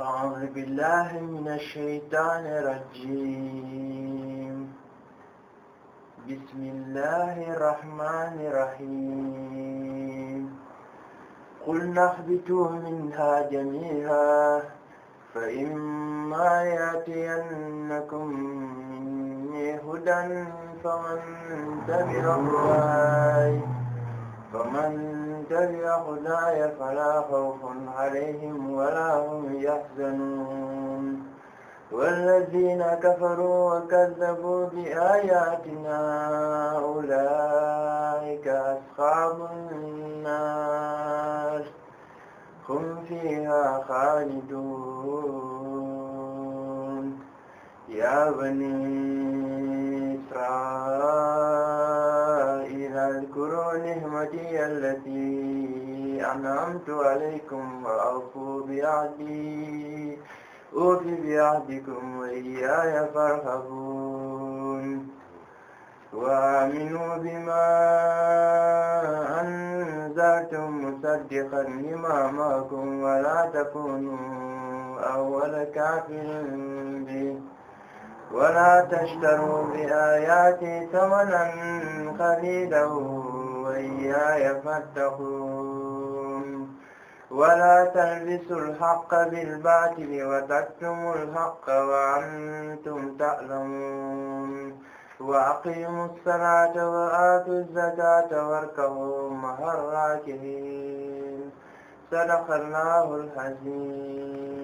أعوذ بالله من الشيطان الرجيم بسم الله الرحمن الرحيم قلنا اهبطوا منها جميعا فإما يأتينكم مني هدى فمن تبع هداي فمن تبع هداي فلا خوف عليهم ولا هم يحزنون والذين كفروا وكذبوا بآياتنا أولئك أصحاب النار هم فيها خالدون يا بني إسرائيل واذكروا نعمتي التي أنعمت عليكم وأوفوا بعهدي أوف بعهدكم وإياي فارهبون وآمنوا بما أنزلتم مصدقا لما معكم ولا تكونوا أول كافر به ولا تشتروا بآياتي ثمنا قليلا وإياي فاتقون ولا تلبسوا الحق بالباطل وتكتموا الحق وأنتم تعلمون وأقيموا الصلاة وآتوا الزكاة واركعوا مع الراكعين صدق الله العظيم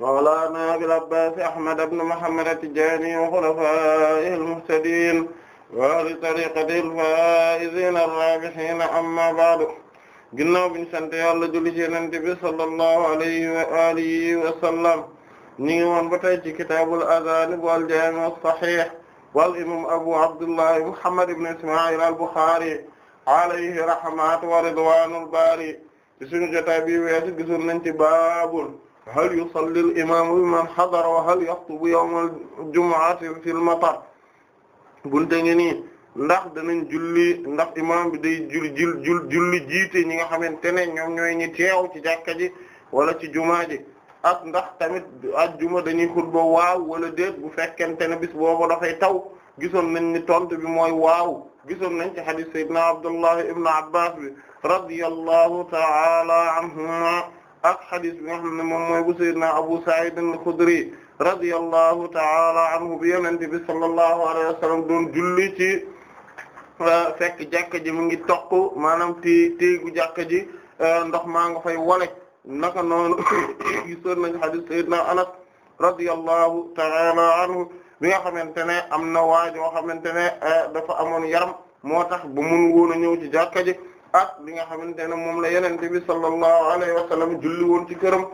ومولانا أبي العباس أحمد بن محمد التجاني وخلفائه المهتدين وأهل طريقته الفائزين الرابحين أما بعد ginnaaw bi ñu sant Yàlla julli ci Yonent bi sallallahu alayhi wa alihi wa sallam ñu ngi woon ba tey ci kitaabul adaan bu al-jaami' as-sahiih wal imaam Abu Abdullah Muhammad ibn Isma'il al-Bukhari alayhi rahmatu wa ridwaanul baari ci sunu jotaay bi weesu gisul nañ ci baabul hal yusalli al imaamu biman hadara wa hal yaxtubu yawmal jumu'ati fil matar bunte ngi nii ndax danañ julli ndax imaam bi day jul jul julli jiite ñi nga xamante ne ñoom ñooy ñi teew ci jàkka ji wala ci jumaa ji ak ndax tamit ajjuma dañuy xutba waaw wala déet bu fekkente ne bis boobu dafay taw gisoon nañ ni tontu bi mooy waaw gisoon nañ ci hadith sayyidina Abdullah ibn Abbas bi radiyallahu ta'ala anhuma ak xadis bi nga xam ne moom mooy bu sayyidina Abu Sa'id al-Khudri radiyallahu ta'ala anhu bi yonent bi sallallahu alayhi wa sallam doon julli ci euh, fekk jàkka ji mu ngi toq maanaam té téegu jàkka ji euh, ndox maa nga fay wale naka noonu gisoon nañu xadis sayyidina Anas radiyallahu anhu bi nga xamante ne am na waajoo xamante ne euh, dafa amoon yaram moo tax ba mun woon a ñëw ci jàkka ji ak li nga xamante ne moom la yenente bi sallallahu alayhi wa sallam julli woon ci këram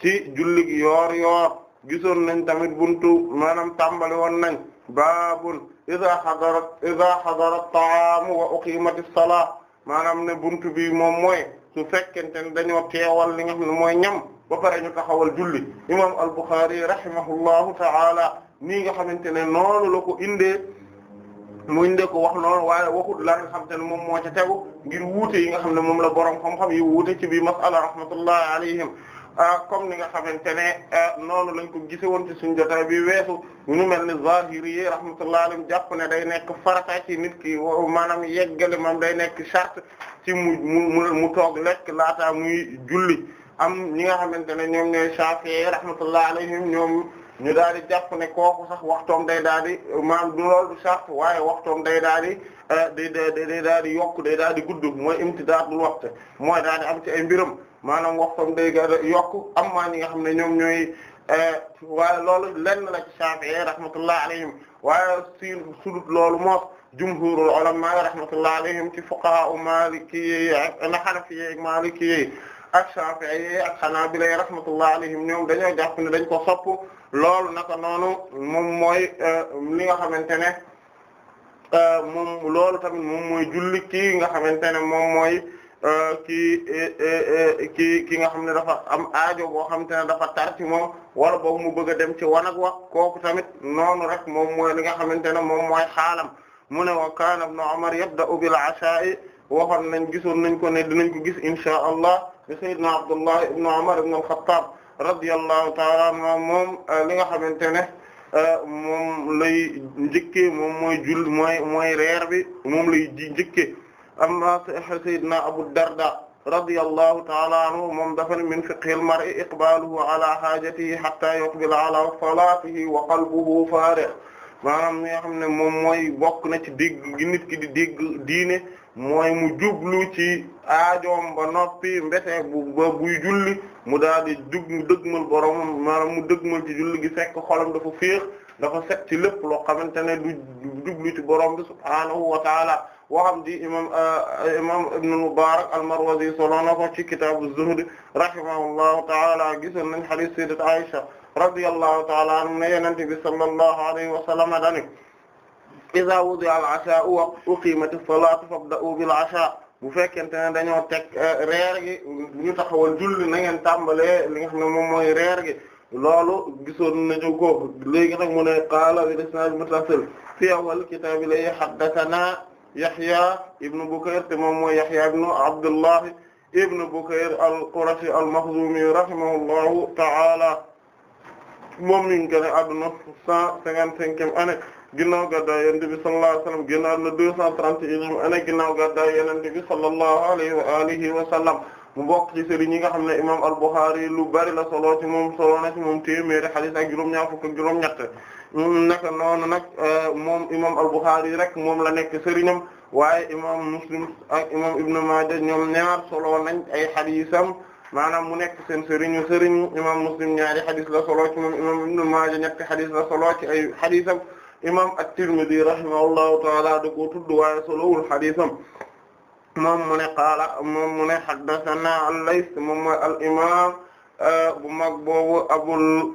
ci julli gi yoor yoor gisoon nañ tamit buntu maanaam tàmbali woon nañ baabun iza hadarat iza hadarat ta'aamu wa uqimatis salaa maanaam ne buntu bi moom mooy su fekkente ne dañoo teewal li nga xam ne ñam ba pare ñu taxawal julli imam al-Bukhari rahimahullahu ta'ala nii nga xamante ne noonu la ko indee mu indee ko wax noonu waaye waxut la nga xamante ne moom moo ca tegu ngir wuute yi nga xam ne moom la borom xam-xam yi wuute ci biir masala rahmatullahi alayhim ah, comme ni nga xamante ne ah, noonu lañ ko gise woon ci suñu jotaay bi weesu ñu mel ni zahiri yi rahmatullahi alayhim jàpp ne day nekk farata ci nit ki maanaam yeggale moom day nekk charte ci mu mu mu toog lekk laata muy julli am ñi nga xamante ne ñoom ñooy Shafi'i rahmatullahi alayhim ñoom ñu daal di jàpp ne kooku sax waxtoom day daal di maam du loolu sart waaye waxtoom day daal di eh, day daal di yokk day daal di gudd mooy imtidaadul waxtu mooy daal di am ci ay mbiram maanaam waxtoom day gën a yokk am maa ñi nga xam ne ñoom ñooy eh, waaye loolu lenn la ci Shafi'i rahmatullah alayhim waaye si sudut loolu moos jumhurul ulama rahmatullah alayhim ci fuqaha u maliki yi ak xanafi yi ak ak Shafi'i ak Hanabila rahmatullahi alayhim ñoom dañoo jàpp ne dañ ko sopp loolu naka noonu moom mooy euh, li nga xamante ne euh, moom loolu tamit moom mooy julli ki nga xamante ne moom mooy kii euh, kii e, e, e, ki nga xam ne dafa am aajo boo xamante ne dafa tar ci moom wala boog mu bëgg dem ci wanag wa kooku tamit noonu rek moom mooy li nga xamante ne moom mooy xaalam mu ne wa kaana ibnu Umar yabda'u bil ashaa'i waxoon nañ gisoon nañ ko ne dinañ ko gis inshaa Allah di sayyidna Abdullah ibn Umar ibn al-Khattab radiyallahu ta'ala anhu moom euh, li nga xamante ne euh, moom lay njëkkee moom mooy jull mooy mooy reer bi moom lay ji njëkkee amma sayyidna Abu Darda radiyallahu ta'ala anhu moom dafa ne min fiqhil mar'i iqbaluhu ala hajatihi hatta yuqbila ala salatihi wa qalbuhu farih maanaam li nga xam ne moom mooy bokk na ci dégg gi nit ki di dégg diine mooy mu jublu ci aajoom ba noppi mbete bu ba julli mu daal di jug mu dëgmal borom maanaam mu dëgmal ci julli gi fekk xolam dafa féex fa set ci lépp loo xamante ne du jublu ci borom bi subhaanahu wa taala waxam di imam euh, imam ibn al-Mubarak al-Marwazi solo na ko ci kitaabu zuhd rahimahullahu taala gisoon nañ hadith sayyidat Aisha radiyallahu taala anha ne yonent bi sallallahu alayhi wa sallam danik iza wudi'a al-'ashaa'u wa uqiimat as-salaatu fabda'u bil-'ashaa' bu fekkente ne dañoo teg eh, reer gi bu ñu taxawal julli na ngeen tàmbalee li nga xam ne moom mooy reer gi loolu gisoon nañu ko léegi nag mu ne qaala bil-isnaad al-muttasil fi awwal kitaab li haddathanaa Yahya ibn Bukayr te moom mooy Yahya ibn Abdullah ibn Bukayr al-Qurashi al-Makhzumi rahimahullahu ta'ala moom mi ngi gën a adduna cent cinquante-cinquième année ginnaaw gàddaay yonent bi sallallahu alayhi wa sallam génnaat na deux cent mu bokk ci nga xam ne imam al-Bukhari lu bari la solo ci moom solo moom téeméeri hadith ak juróom-ñaar fukk ak juróom-ñett mm, naka noonu nag euh, moom imam al-Bukhari rek moom la nekk sëriñam waaye imam Muslim ak imam Ibn Maaja ñoom ñaar solo nañ ay haditham maanaam mu nekk seen sëriñu sëriñ imam Muslim ñaari hadith la solo ci moom imam Ibn Maaja ñetti hadith la solo imam at-Tirmidhi rahimahullahu taala da ko tudd waaye solowul hadisam moom mu ne qaala moom mu ne haddathana al-Layth moom mooy al-imam uh, bu mag boobu Abul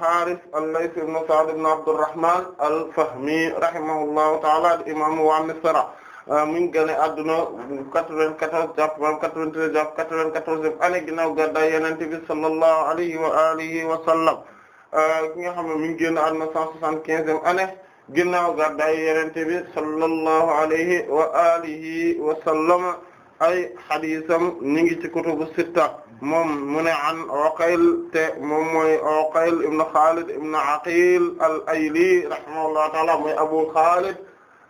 Harith uh, al-Layth ibn Sa'd ibn Abdurrahman al-Fahmi rahimahullahu taala imam wa Misra uh, mu ngi gane adduna 94 jàpp maam 93 jàpp 94 ane ginnaaw gàddaay Yonent bi sallallahu alayhi wa alihi wa sallam Euh, ki nga xam ne mi ngi génn àdduna cent soixante-quinzième année ginnaaw gàddaay yerente bi sallallahu alayhi wa alihi wa sallam ay hadisam ñi ngi ci kutubu sitta moom mu ne an Uqayl te moom mooy Uqayl ibn Khalid ibn Aqil al-Ayli rahimahullahu ta'ala mooy Abu Khalid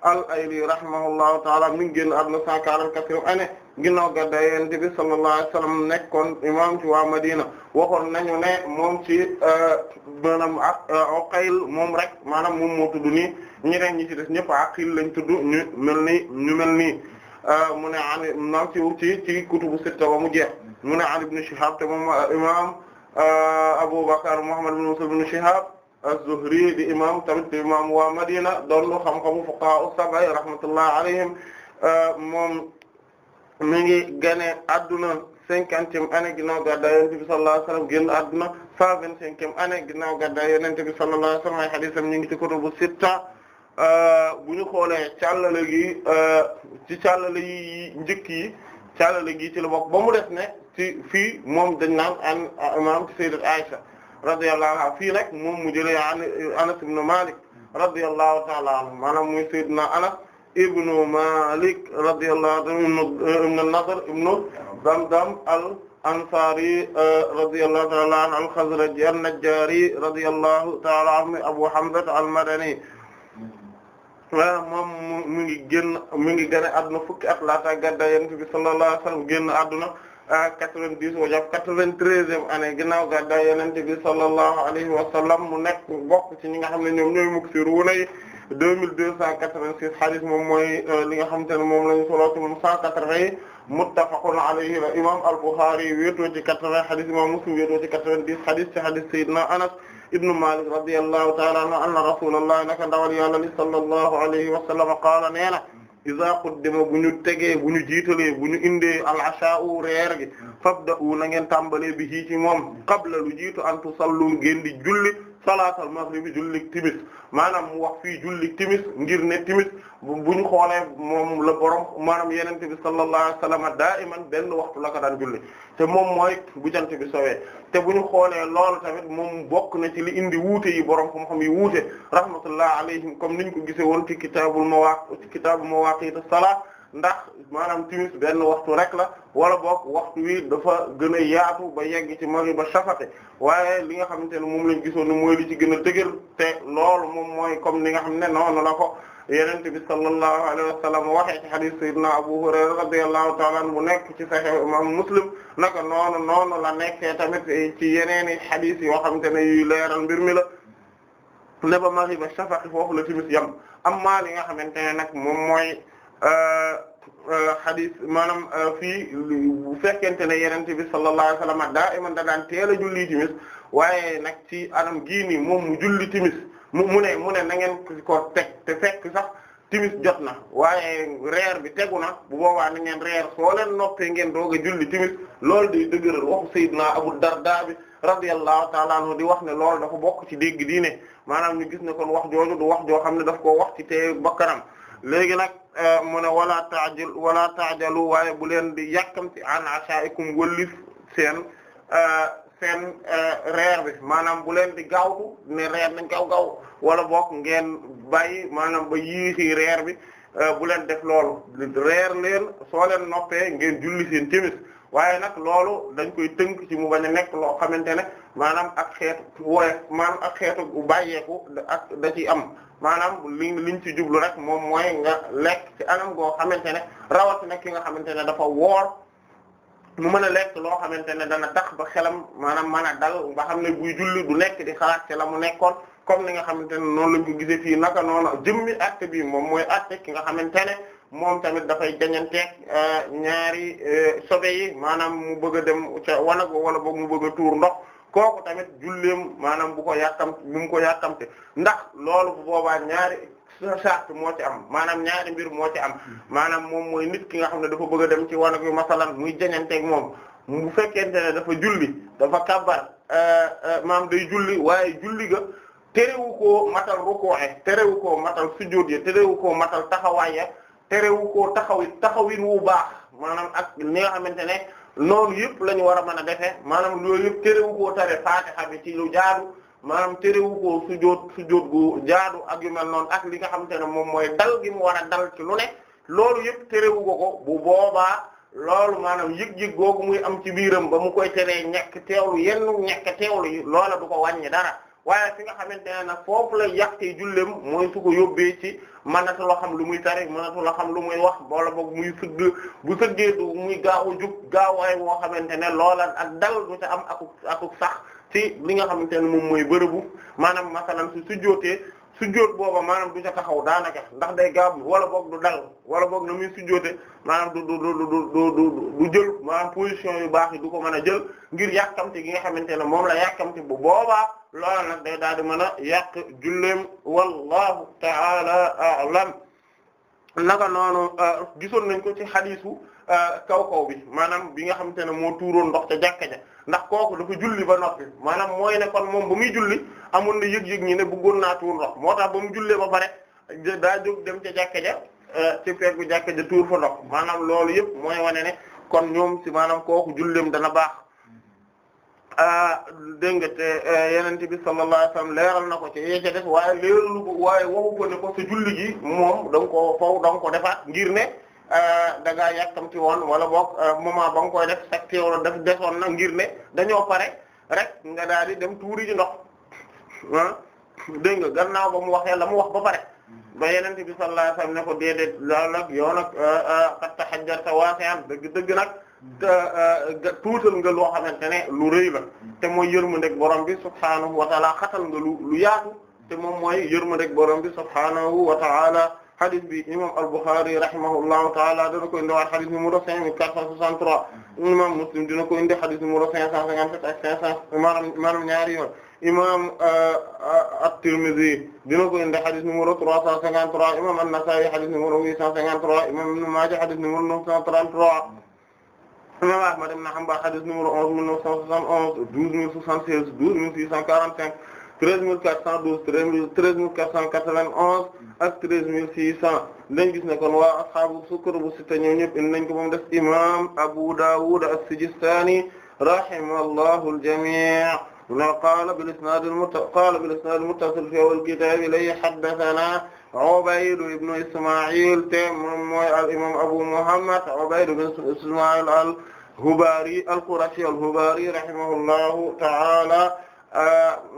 al-Ayli rahimahullahu ta'ala mi ngi génn àdduna cent quarante-quatrième année ginnaaw gadda yonent bi sallallahu alayhi wasallam nekkoon imam ci waa Madina waxoon nañu ne moom ci euh, maanaam ak euh, Uqayl moom rek maanaam moom moo ni nii ñeneen ñi ci des ñëpp Aqil lañ tudd ñu mel ni ñu mel nii euh, mu ne an naam ci ci ci kutubu sitta ba mu jeex mu ne an ibn Shihab te moom imam Abu Bakr Muhammad ibn Muslim ibn Shihab az-Zuhri di imam mi ngi gane adduna cinquantième année ginnaaw gàddaay yonent bi sallallahu alayhi wasallam génn adduna cent vingt-cinquième année ginnaaw gàddaay yonent bi sallallahu alayhi wasallam ay hadisam ñu ngi ci kutubu sitta euh, bu ñu xoolee càllale gi euh, ci càllale yi njëkk yi càllale gi ci la bokk ba mu def ne ci fii moom dañ naan an imam ci sayyidat Aisha radiyallahu anha fii nag moom mu jëlee an Anas ibn Malik radiyallahu ta'ala anhu maanaam muy sayyidna Anas ibnu Malik radiyallahu anhu ibnu Nadr ibnu Damdam al-Ansari uh, radiyallahu ta'ala anhu al-Khazraji an-Najjari radiyallahu ta'ala anhu Abu Hamza al-Madani moom mu ngi génn mu ngi gën a adduna fukki at laata gàddaay Yonent bi sallallahu alayhi wa sallam génn adduna à 90 wa jàpp 93e année ginnaaw gàddaay Yonent bi sallallahu alayhi wa sallam mu nekk bokk ci ñi nga xam ne ñoom ñooy muksiruuna deux mille deux cent moom mooy euh, li nga xamante ne moom lañu solo ci moom cent quatre-vingts muttafaqun alayhi la imam al-Bukhari wéetoo ci quatre-vingts hadith imam Muslim wéetoo ci quatre-vingt-dix hadith ci hadith Sayyidina Anas ibnu Malik radiyallahu ta'ala anhu anna rasulullah naka ndawal yàlla li sallallahu alayhi qaala nee na iza quddima bu ñu tegee bu ñu jiitalee bu ñu indee al-asha'u reer gi fabda'u na ngeen tàmbalee bi ci moom qabla lu jiitu an tusallu ngeen di julli salaatal maghribi jullik timis maanaam mu wax fii jullik timis ngir ne timis bu ñu xoolee moom la borom maanaam yenente bi sallallahu alayhi wasallam daa iman benn waxtu la ko daan julli te moom mooy bu jant bi sowee te bu ñu xoolee lool tamit moom bokk na ci li indi wuute yi borom xam-xam yi wuute rahmatullah alayhim comme niñ ko gisee woon ci kitaabul mawaqit ci kitaabul mawaqit as-salaat ndax maanaam timis benn waxtu rek la wala book waxtu wi dafa gën a yaatu ba yegg ci mari ba safate waaye li nga xamante ne moom lañ gisoon mooy li ci gën a dëgër te lool moom mooy comme ni nga xam ne noonu la ko yeneen bi sallallahu alayhi wa sallam waxee ci hadith sayyidina Abu Hurayra radiyallahu ta'ala anhu bu nekk ci sahih imam Muslim naka noonu noonu la nekkee tamit ci yeneen i yoo xamante ne yuy leeral mbir mi la ne ba mari ba safate foofu la timis yam amma li nga xamante ne nag moom mooy xadis euh, euh, maanaam euh, fii bu fekkente ne yenente bi sallallahu alayhi wa sallam daa iman da daan teel a julli timis waaye nag ci anam gii nii moom mu julli timis mu mu ne mu ne na ngeen ko teg te fekk sax timis jot na waaye reer bi tegu na bu boobaa na ngeen reer soo leen noppee ngeen doog a julli timis loolu day dëgëral waxu Seydina Abu Darda bi radiyallahu ta'ala anhu di wax ne loolu dafa bokk ci dégg diine maanaam ñu gis ne kon wax jooju du wax joo xam ne daf koo wax ci teeyu bakkanam léegi nag Euh, mu ne wala taajal wala taajalu waaye bu leen di yàkkamti an ashaa'ikum wëllif seen euh, seen euh, reer bi maanaam bu leen di gaawtu ne reer nañ kaw gaaw wala bokk ngeen bàyyi maanaam ba yiixi reer bi bu leen def loolu reer leen soo leen noppee ngeen julli seen timis waaye nag loolu dañ koy tënk ci mu bañ a nekk loo xamante ne maanaam ak xeetu woye maanaam ak xeetu bàyyeeku ak da ciy am maanaam li liñ ci jublu rek moom mooy nga lekk ci anam goo xamante ne rawatina ki nga xamante ne dafa woor mu mën a lekk loo xamante ne dana tax ba xelam maanaam mën dal nga xam ne buy julli du nekk di xalaat te la mu nekkoon comme ni nga xamante ne noonu lañ ko gisee fii naka noonu jëmmi acte bii moom mooy acte ki nga xamante ne moom tamit dafay jañanteeg euh, ñaari euh, sobe yi maanaam mu bëgg a dem ca wanago wala boog mu bëgg a tuur ndox kooku tamit julleem maanaam bu ko yàttam bu mu ko yàttamte ndax loolu bu boobaa ñaari sart moo ci am maanaam ñaari mbir moo ci am maanaam moom mooy nit ki nga xam ne dafa bëgg a dem ci wanag yu masalan muy jañanteeg moom mu fekkente ne dafa julli dafa kabbar euh, euh, maam day julli waaye julli ga terewu koo matal ruku'e terewu koo matal sujjóot ya terewu koo matal taxawaay ya terewu ko taxawi taxawin wu baax maanaam ak li nga xamante ne noonu yëpp la ñu war a mën a defee maanaam loolu yëpp terewu koo tare Fatiha bi ci lu jaadu maanaam terewu koo sujóot sujóot gu jaadu ak yu mel noonu ak li nga xamante ne moom mooy dal gi mu war a dal ci lu ne loolu yëpp terewu ko ko bu booba loolu maanaam yëg-yëg googu muy am ci biiram ba mu koy teree ñekk teewlu yenn ñekk teewlu yi loola du ko wàññi dara waaye fi nga xamante ne nag foofu la yàqee julleem mooy su ko yóbbee ci mënatu la xam lu muy tari mënatu xam lu muy wax boola boog muy sëgg bu sëggee du muy gaaw a jug gaawaay woo xamante ne loola ak dal du ca am akuk akuk sax ci li nga xamante ne moom mooy bërëbu maanaam masalan su sujjootee sujjóot booba maanaam du ca taxaw daanaka ndax day gaab wala boog du dal wala boog na muy sujjóote maanaam du du du du jël maanaam position yu baax du ko mën a jël ngir yàkkamte gi nga xamante ne moom la yàkkamte bu boobaa loola nag day daal di mën a yàq julleem wallahu ta'ala a'lam naka noonu euh, gisoon nañ ko ci xadiisu euh, kaw kaw bi maanaam bi nga xamante ne moo tuuroon ndox ca jàkka ja ndax kooku dafa julli ba noppi maanaam mooy ne kon moom ba muy julli amoon na yëg-yëg ñi ne bëggoon naa tuur ndox moo tax ba mu jullee ba pare daa jóg dem ca jàkka ja euh, ci peggu jàkka ja tuur fa ndox maanaam loolu yëpp mooy wane ne kon ñoom si maanaam kooku julleem dana baax euh, dégg nga te euh, yenente bi sallallahu alayhi wasallam leeral na ko ci yecca def waaye leeralu ko waaye waxu ko ne ko sa julli gi moom da nga ko faw ngir ne Euh, da ngaa yàkkamti woon wala boog euh, moment ba nga koy def sax teewul daf desoon na ngir ne dañoo pare rek nga daal di dem tuuri ji ndox ah dégg nga naa ba mu wax la mu wax ba pare. ba yeneen bi sallallahu alayhi wasallam ne ko déedéet loolu nag yow nag euh, qad tahajjarta wasi'an dëgg dëgg nag. tuutal nga loo xamante ne lu rëy la te mooy yërmandeeg borom bi subhaanahu wa ta'ala xatal nga lu lu yaatu te moom mooy yërmandeeg borom bi subhaanahu wa xadis bi imam al-Bukhari rahimahullahu taala dina ko indi waat xadis numéro cinq mille quatre cent soixante trois imam Muslim dina ko indi xadis numéro cinq cent cinquante sept ak cinq cent maanaam maanaam ñaari yoon imam euh, at-Tirmidhi dina ko indi xadis numéro trois cent cinquante trois imam an-Nasa'i xadis numéro huit cent cinquante trois imam Ibn Majah xadis numéro neuf cent trente trois imam Ahmad ibn Hanbal xadis numéro onze mille neuf cent soixante onze douze mille soixante seize douze mille six cent quarante cinq treize mille quatre cent douze treize mille quatre cent quatre-vingt-onze ak treize mille six cent dañ gis ne kon waa ashaabu kutubu sitta ñoom ñëpp indi nañ ko moom des imam Abu Dawud as-Sijistani rahimahullahu al-jami' qala bil isnad al-muttasil qala bil isnad al-muttasil fi awwal kitab li haddathana Ubayd ibn Isma'il te moom mooy al imam Abu Muhammad Ubayd ibn Isma'il al-Hubari al-Qurashi al-Hubari rahimahullahu ta'ala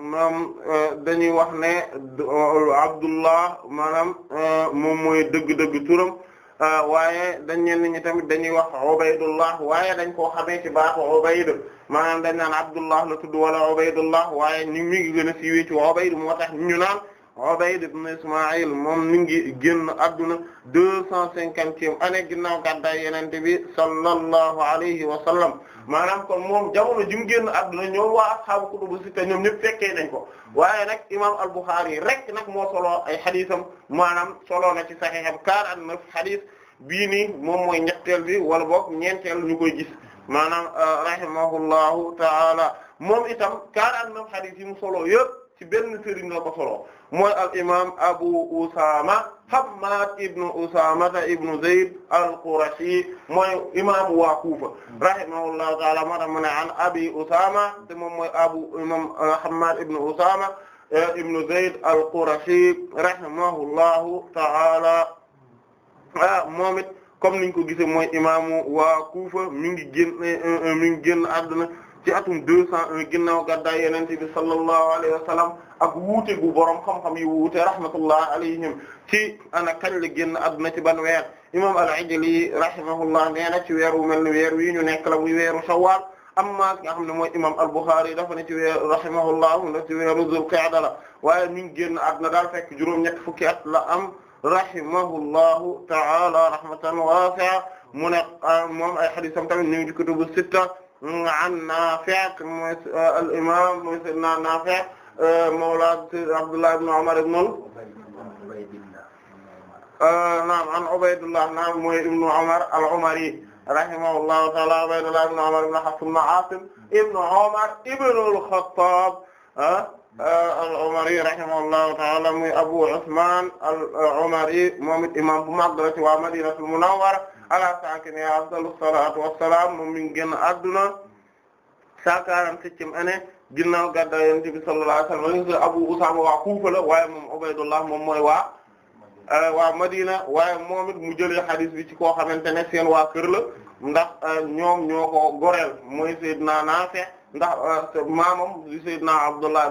moom euh, dañuy wax ne euh, Abdullah maanaam euh, moom mooy dëgg-dëgg turam waaye dañ ñenn ñi tamit dañuy wax Ubaydullah waaye dañ koo xamee ci baatu Ubayd maanaam dañ naan Abdullah na tudd wala Ubaydullah waaye ñu mi ngi gën a siiwee ci Ubayd moo tax ñu naan Ubayd ibn Isma'il moom mi ngi génn adduna deux cent cinquante cinquantième année ginnaaw gàddaay Yonent bi sallallahu alayhi wa sallam maanaam kon moom jamono ji mu génn adduna ñoom waa ashaabu kutubu sitta ñoom ñëpp fekkee nañ ko waaye nag imaam al-Bukhari rek nag moo solo ay xadiisam maanaam solo na ci saxiixam 49 xadiis bii nii moom mooy ñetteel bi wala boog ñeenteel ñu koy gis maanaam euh, rahimahullahu taala moom itam 49 xadiis yi mu solo yëpp ci benn sëriñ la ko solo. mooy al imam Abu Usama Hammad ibn Usama ibn Zayd al-Qurashi mooy imam waa Kufa rahimahullahu ta'ala moo tax mu ne an Abi Usama te moom mooy abu imam uh, Hammad ibn Usama uh, ibn Zayd al-Qurashi rahimahullahu ta'ala ah, moom it comme niñ ko gisee mooy imaamu waa Kufa mi ngi génn uh, mi ngi génn àdduna ci atum deux cent un ginnaaw gàddaay yonent bi sallallahu alayhi wa sallam ak wuute gu borom xam-xam yi wuute rahmatullah alayhim ci ana kañ la génn adduna ci ban weer imam al-Ijli rahimahullah nee na ci weer wu mel ni weer wii ñu nekk la muy weeru Shawwal amma nga xam ne mooy imam al-Bukhari dafa ne ci weeru rahimahullah na ci weeru Dhul Qa'da la waaye ñu ngi génn adduna daal fekk juróom-ñett fukki at la am rahimahullahu ta'ala rahmatan wasi'a mu ne moom ay hadisam tamit ñu ngi ci kutubu sitta an Naafi' mooy euh, al imaam mooy sayyidina Naafi' euh, mawla Abdullah ibn Umar ibn euh, naam an Ubaydullah naam mooy ibn Umar al-Umari rahimahullahu ta'ala Ubaydullah ibn Umar ibn Hafs ibn Aasim ibn Umar ibn al-Khattab ah, al-Umari rahimahullahu ta'ala muy Abu Usman al-Umari moom it imaam bu mag la ci waa Madinatul Munawwara ala saakine afdalu salaatu wassalaam moom mi ngi adduna cent quarante-septième année ginnaaw gàddaay Yonent bi sallallahu alayhi Abu Usaama waa Kuufa waaye moom Ubaydullah moom mooy wa euh, waa Madina waaye moom it mu jëlee hadith bi ci koo xamante ne seen waa kër ndax euh, ñoom ñoo goreel mooy Seydina Naafi ndax euh, maamam Seydina Abdullah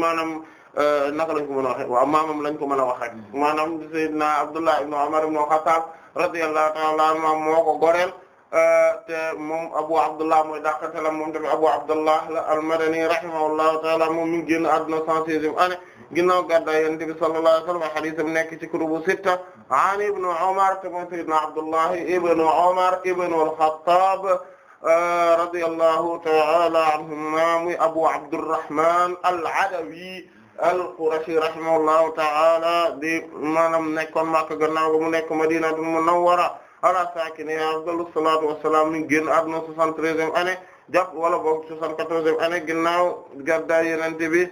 maanaam Euh, naka lañ ko mën a waxee waaw maamam lañ ko mën a wax rek hmm. maanaam Seydina Abdullah ibn Umar ibn Khattab radiyallahu ta'ala anhu moo ko goreel euh, te moom Abu Abdullah mooy dàqanteelam moom tamit Abu Abdullah al-Madani rahimahullahu ta'ala moom mi ngi génn àdduna 116e année ginnaaw gàddaay Yonent bi sallallahu alayhi wa sallam hadiis am nekk ci kutubu sitta an Ibn Umar te mooy Seydina Abdullah ibn Umar ibn al-Khattab euh, radiyallahu ta'ala anhuma muy Abu Abdurrahman al-Adawi al-Qurashi rahimahullahu ta'ala di maanaam nekkoon Makka gannaaw mu nekk Madinatul Munawwara ala saakinihaa afdalu salaatu wa salaam mi génn àdduna 73e année jàpp wala boog 74e année ginnaaw gàddaay Yonent bi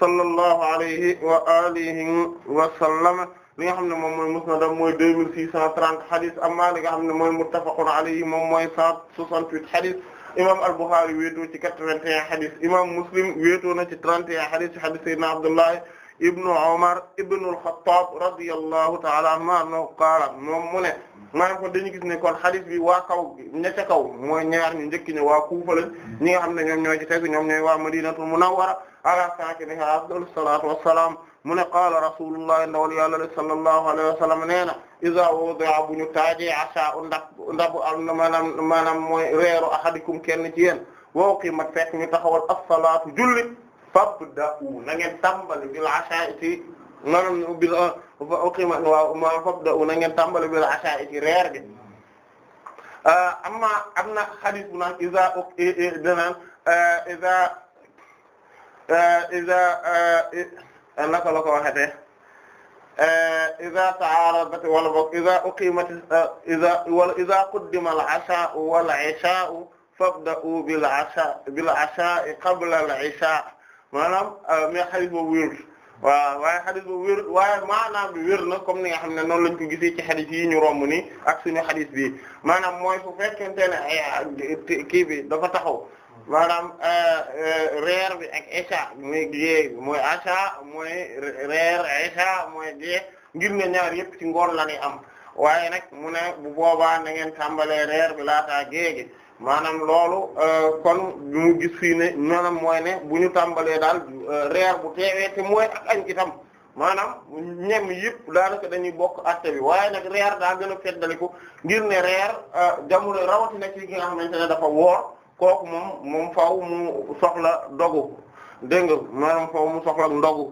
sallallahu alayhi wa alihi wa sallam li nga xam ne moom mooy musnadam mooy 2630 hadith amma li nga xam ne mooy muttafaqun alayhi moom mooy 168 hadith. imam al-Bukhari wéetoo ci 81 hadis imam Muslim wéetoo na ci 31 hadis hadis sayyidina Abdullah ibnu Umar ibnu al-Khattab radiyallahu ta'ala anhuma annahu qaala moom mu ne maanaam kon dañu gis ne kon hadis bi waa kaw ña ca kaw mooy ñaar ñu njëkk ñi waa Kufa lañ ñi nga xam ne ñoom ñoo ci tegu ñoom ñooy waa Madinatul Munawwara ala saakinihaa afdalu salaatu wassalaam mu ne qaala rasulullah ndawal yàlla li sallallahu alayhi wa sallam nee na iza wudi'a bu ñu taajee asha u ndab ndabu am maanaam maanaam mooy reeru ahadikum kenn ci yéen woo kii mat fekk ñu taxawal as-salaatu julli fabda'u na ngeen tàmbali bil asha ci maanaam bil uqimat waaw ma fabda'u na ngeen tàmbali bil asha ci reer bi ah, amma am na hadith bu naan iza danaan iza ah, iza ah, naka la ko waxete eh, iza ta'aradat wala boog iza uqimat eh, iza wala iza quddima al-'asha'u wal-'isha'u fabda'u bil-'asha'i bil-'asha'i qabla al-'isha' maanaam eh, mais xadis boobu wérul waaw waaye xadis boobu wér waaye maanaam bi wér na comme ni nga xam ne noonu lañ ko gisee ci xadis yi ñu romb nii ak suñu xadis bi maanaam mooy fu fekkente ne kii bi dafa taxaw maanaam euh, euh, reer bi ak isha mooy gée mooy asha mooy reer isha mooy gée ngir ne ñaar yëpp ci ngoon la ni am waaye nag mu ne bu boobaa na ngeen tàmbalee reer bi laataa gée gi maanaam loolu euh, kon mu gis fii ne maanaam mooy ne bu ñu tàmbalee daal reer bu teewee te mooy ak añ itam maanaam ñem yëpp daanaka dañuy bokk atte bi waaye nag reer daa gën a feddaliku ngir ne reer jamono rawatina ci ki nga xamante ne dafa woor kooku moom moom faw mu soxla dogu dégg nga maanaam faaw mu soxla ndogu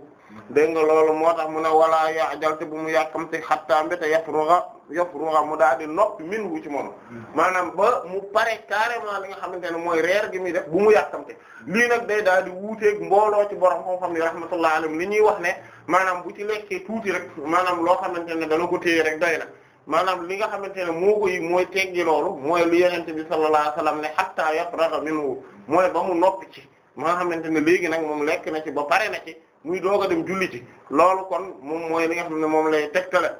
dégg nga loolu moo tax mu ne wala yaajal te bu mu yàkkamti xattaa mbéta yafruga yafruga mu daal di noppi min wu ci moom hmm. maanaam ba mu pare carrément li nga xamante ne mooy reer gi muy def bu mu yàkkamte lii nag day daal di wuuteeg mbooloo ci borom xam-xam ni rahmatullah alayhi li ñuy wax ne maanaam bu ci lekkee tuuti rek maanaam loo xamante ne dana ko téye rek day na maanaam li nga xamante ne moo koy mooy teggi loolu mooy lu yonent bi sallallahu alayhi wasallam ne hatta yafraga minhu mooy ba mu noppi ci maa xamante ne léegi nag moom lekk na ci ba pare na ci muy doog dem julli ci loolu kon moom mooy li nga xam ne moom lay tegtale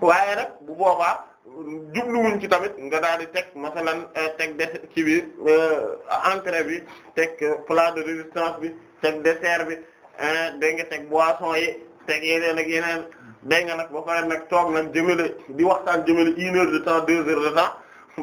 waaye nag bu boobaa jubluwuñ ci tamit nga daal di teg masalan eh, teg des ci biir eh, entrée bi teg plat de résistance bi teg dessert bi eh, dégg nga teg boisson yi teg yeneen ak yeneen dégg nga nag ba pare nag toog nag jëmale di waxtaan jëmale une heure de temps deux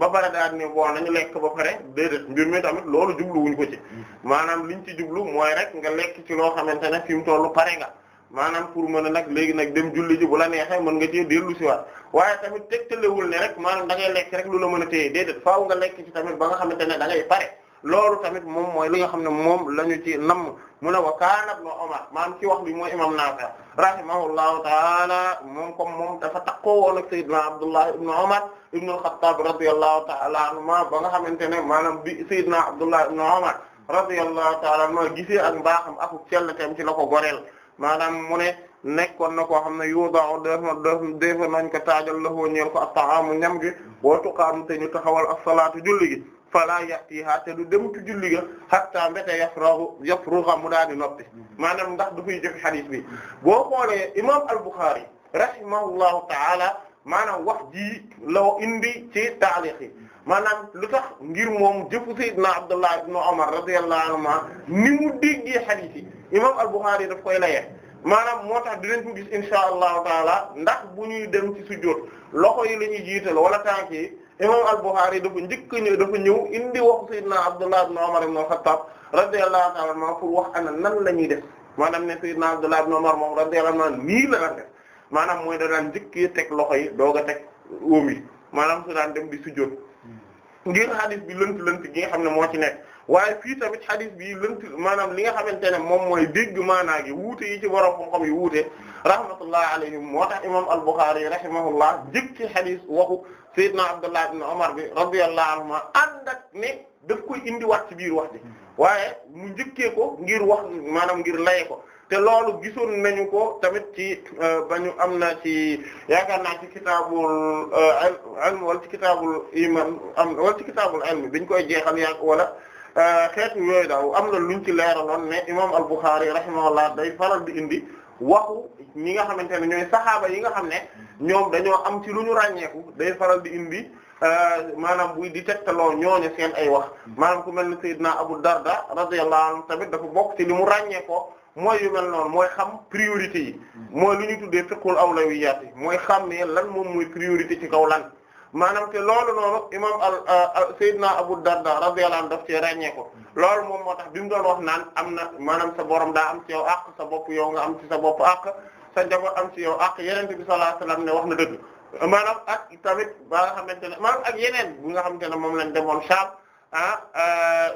ba pare daal ne bon nañu lekk ba pare déedéet mbir mi tamit loolu wuñ ko ci mm-hmm. maanaam liñ ci jublu mooy rek nga lekk ci loo xamante ne fi mu toll pare nga maanaam pour mën a nag léegi nag dem julli ji bu la neexee mën nga ci dellu si waat waaye tamit tegtalewul ne rek maanaam da ngay lekk rek lu la mën a téye déedéet faaw nga lekk ci tamit ba nga xamante ne da pare loolu tamit moom mooy li nga xam ne moom la ñu ci nam mu ne wa kaana ibn Umar maam ci wax bi mooy imam Naafi' rahimahullahu taala moom comme moom dafa takkoo woon ak Seydina Abdullah ibn Umar ibn al-Khattab radiyallahu taala anhuma ba nga xamante ne maanaam bi Seydina Abdullah ibn Umar radiyallahu taala anhuma gisee ak mbaaxam ak cellateem ci la ko goreel maanaam mu ne nekkoon na koo xam ne yu daaw def na def nañ ko taajal la ñeel ko a taamu ñam gi boo tuqaam te ñu taxawal as-salaatu julli fala yatiha te du dem ci julli ga hatta mbéte yafrahu yafruha mu daal noppi maanaam ndax du koy joxe hadith bi boo xoolee imam al-Bukhari rahimahullahu ta'ala maanaam wax ji law indi ci taaliq yi maanaam lu tax ngir moom jëfu sayyidna Abdullah ibn Umar radiyallahu anhuma ni mu déggee hadith yi imam al-Bukhari daf koy laye maanaam moo tax dinañ ko gis insha allahu taala ndax bu ñuy dem ci sujjóot loxo yi la ñuy jiital wala tànk imam al-Bukhari dafa njëkk ñëw dafa ñëw indi waxu sayyidina Abdullah ibn Umar ibn al-Khattab radiyallahu ta'ala anhu pour wax ana nan la ñuy def maanaam ne na Abdullah ibn Umar moom radiyallahu anhu lii la daan maanaam mooy da daan njëkkee teg loxo yi doog a teg óom maanaam su daan dem di sujjóot hmm. ngir hadith bi lënt lënt gi nga xam ne moo ci nekk waaye fii tamit xadis bi lënt maanaam li nga xamante ne moom mooy dégg maanaa gi wuute yi ci borom xam-xam yi wuute rahmatullah alayhim moo tax imam al-Bukhari rahimahullah jëkk ci xadis waxu sayyidna Abdullah ibn Umar bi radiyallahu anhuma ànd ak ne daf ci biir wax ji waaye mu njëkkee ko ngir wax maanaam ngir laye ko te loolu gisoon nañu ko tamit ci euh, ba am na ci yaakaar naa ci kitaabul ilm euh, wala ci kitaabul iman am wala ci kitaabul ilm biñ koy jeexal yaa wala Euh, xeetu yooyu daaw am na luñ ci leeraloon ne imam al-Bukhari rahimahullah day faral bi indi waxu ñi nga xamante ne ñooy saxaaba yi nga xam ne ñoom dañoo am ci lu ñu ràññeeku day faral di indi euh, maanaam buy di loo ñooñu seen ay wax maanaam ku mel ne Seydina Abu Darda radiyallahu anhu tamit dafa bokk ci li mu ràññeekoo mooy yu mel noonu mooy xam priorité yi mm. mooy lu ñu tuddee fiqhul awlawiyat yi mooy xam ne lan moom mooy priorité ci kaw lan maanaam te loolu noonu imam al Seydina Abu Darda radiyallahu anhu daf ci ràññee ko hmm. loolu moom moo tax bi mu doon wax naan am na maanaam sa borom daa am ci yow àq sa bopp yow nga am si sa bopp àq sa njaboot am si yow ak yeneen bi sallallahu alayhi wasallam ne wax na dëgg maanaam ak tamit baa nga xamante ne maanaam ak yeneen bi nga xamante ne moom lañ demoon Sham ah, ah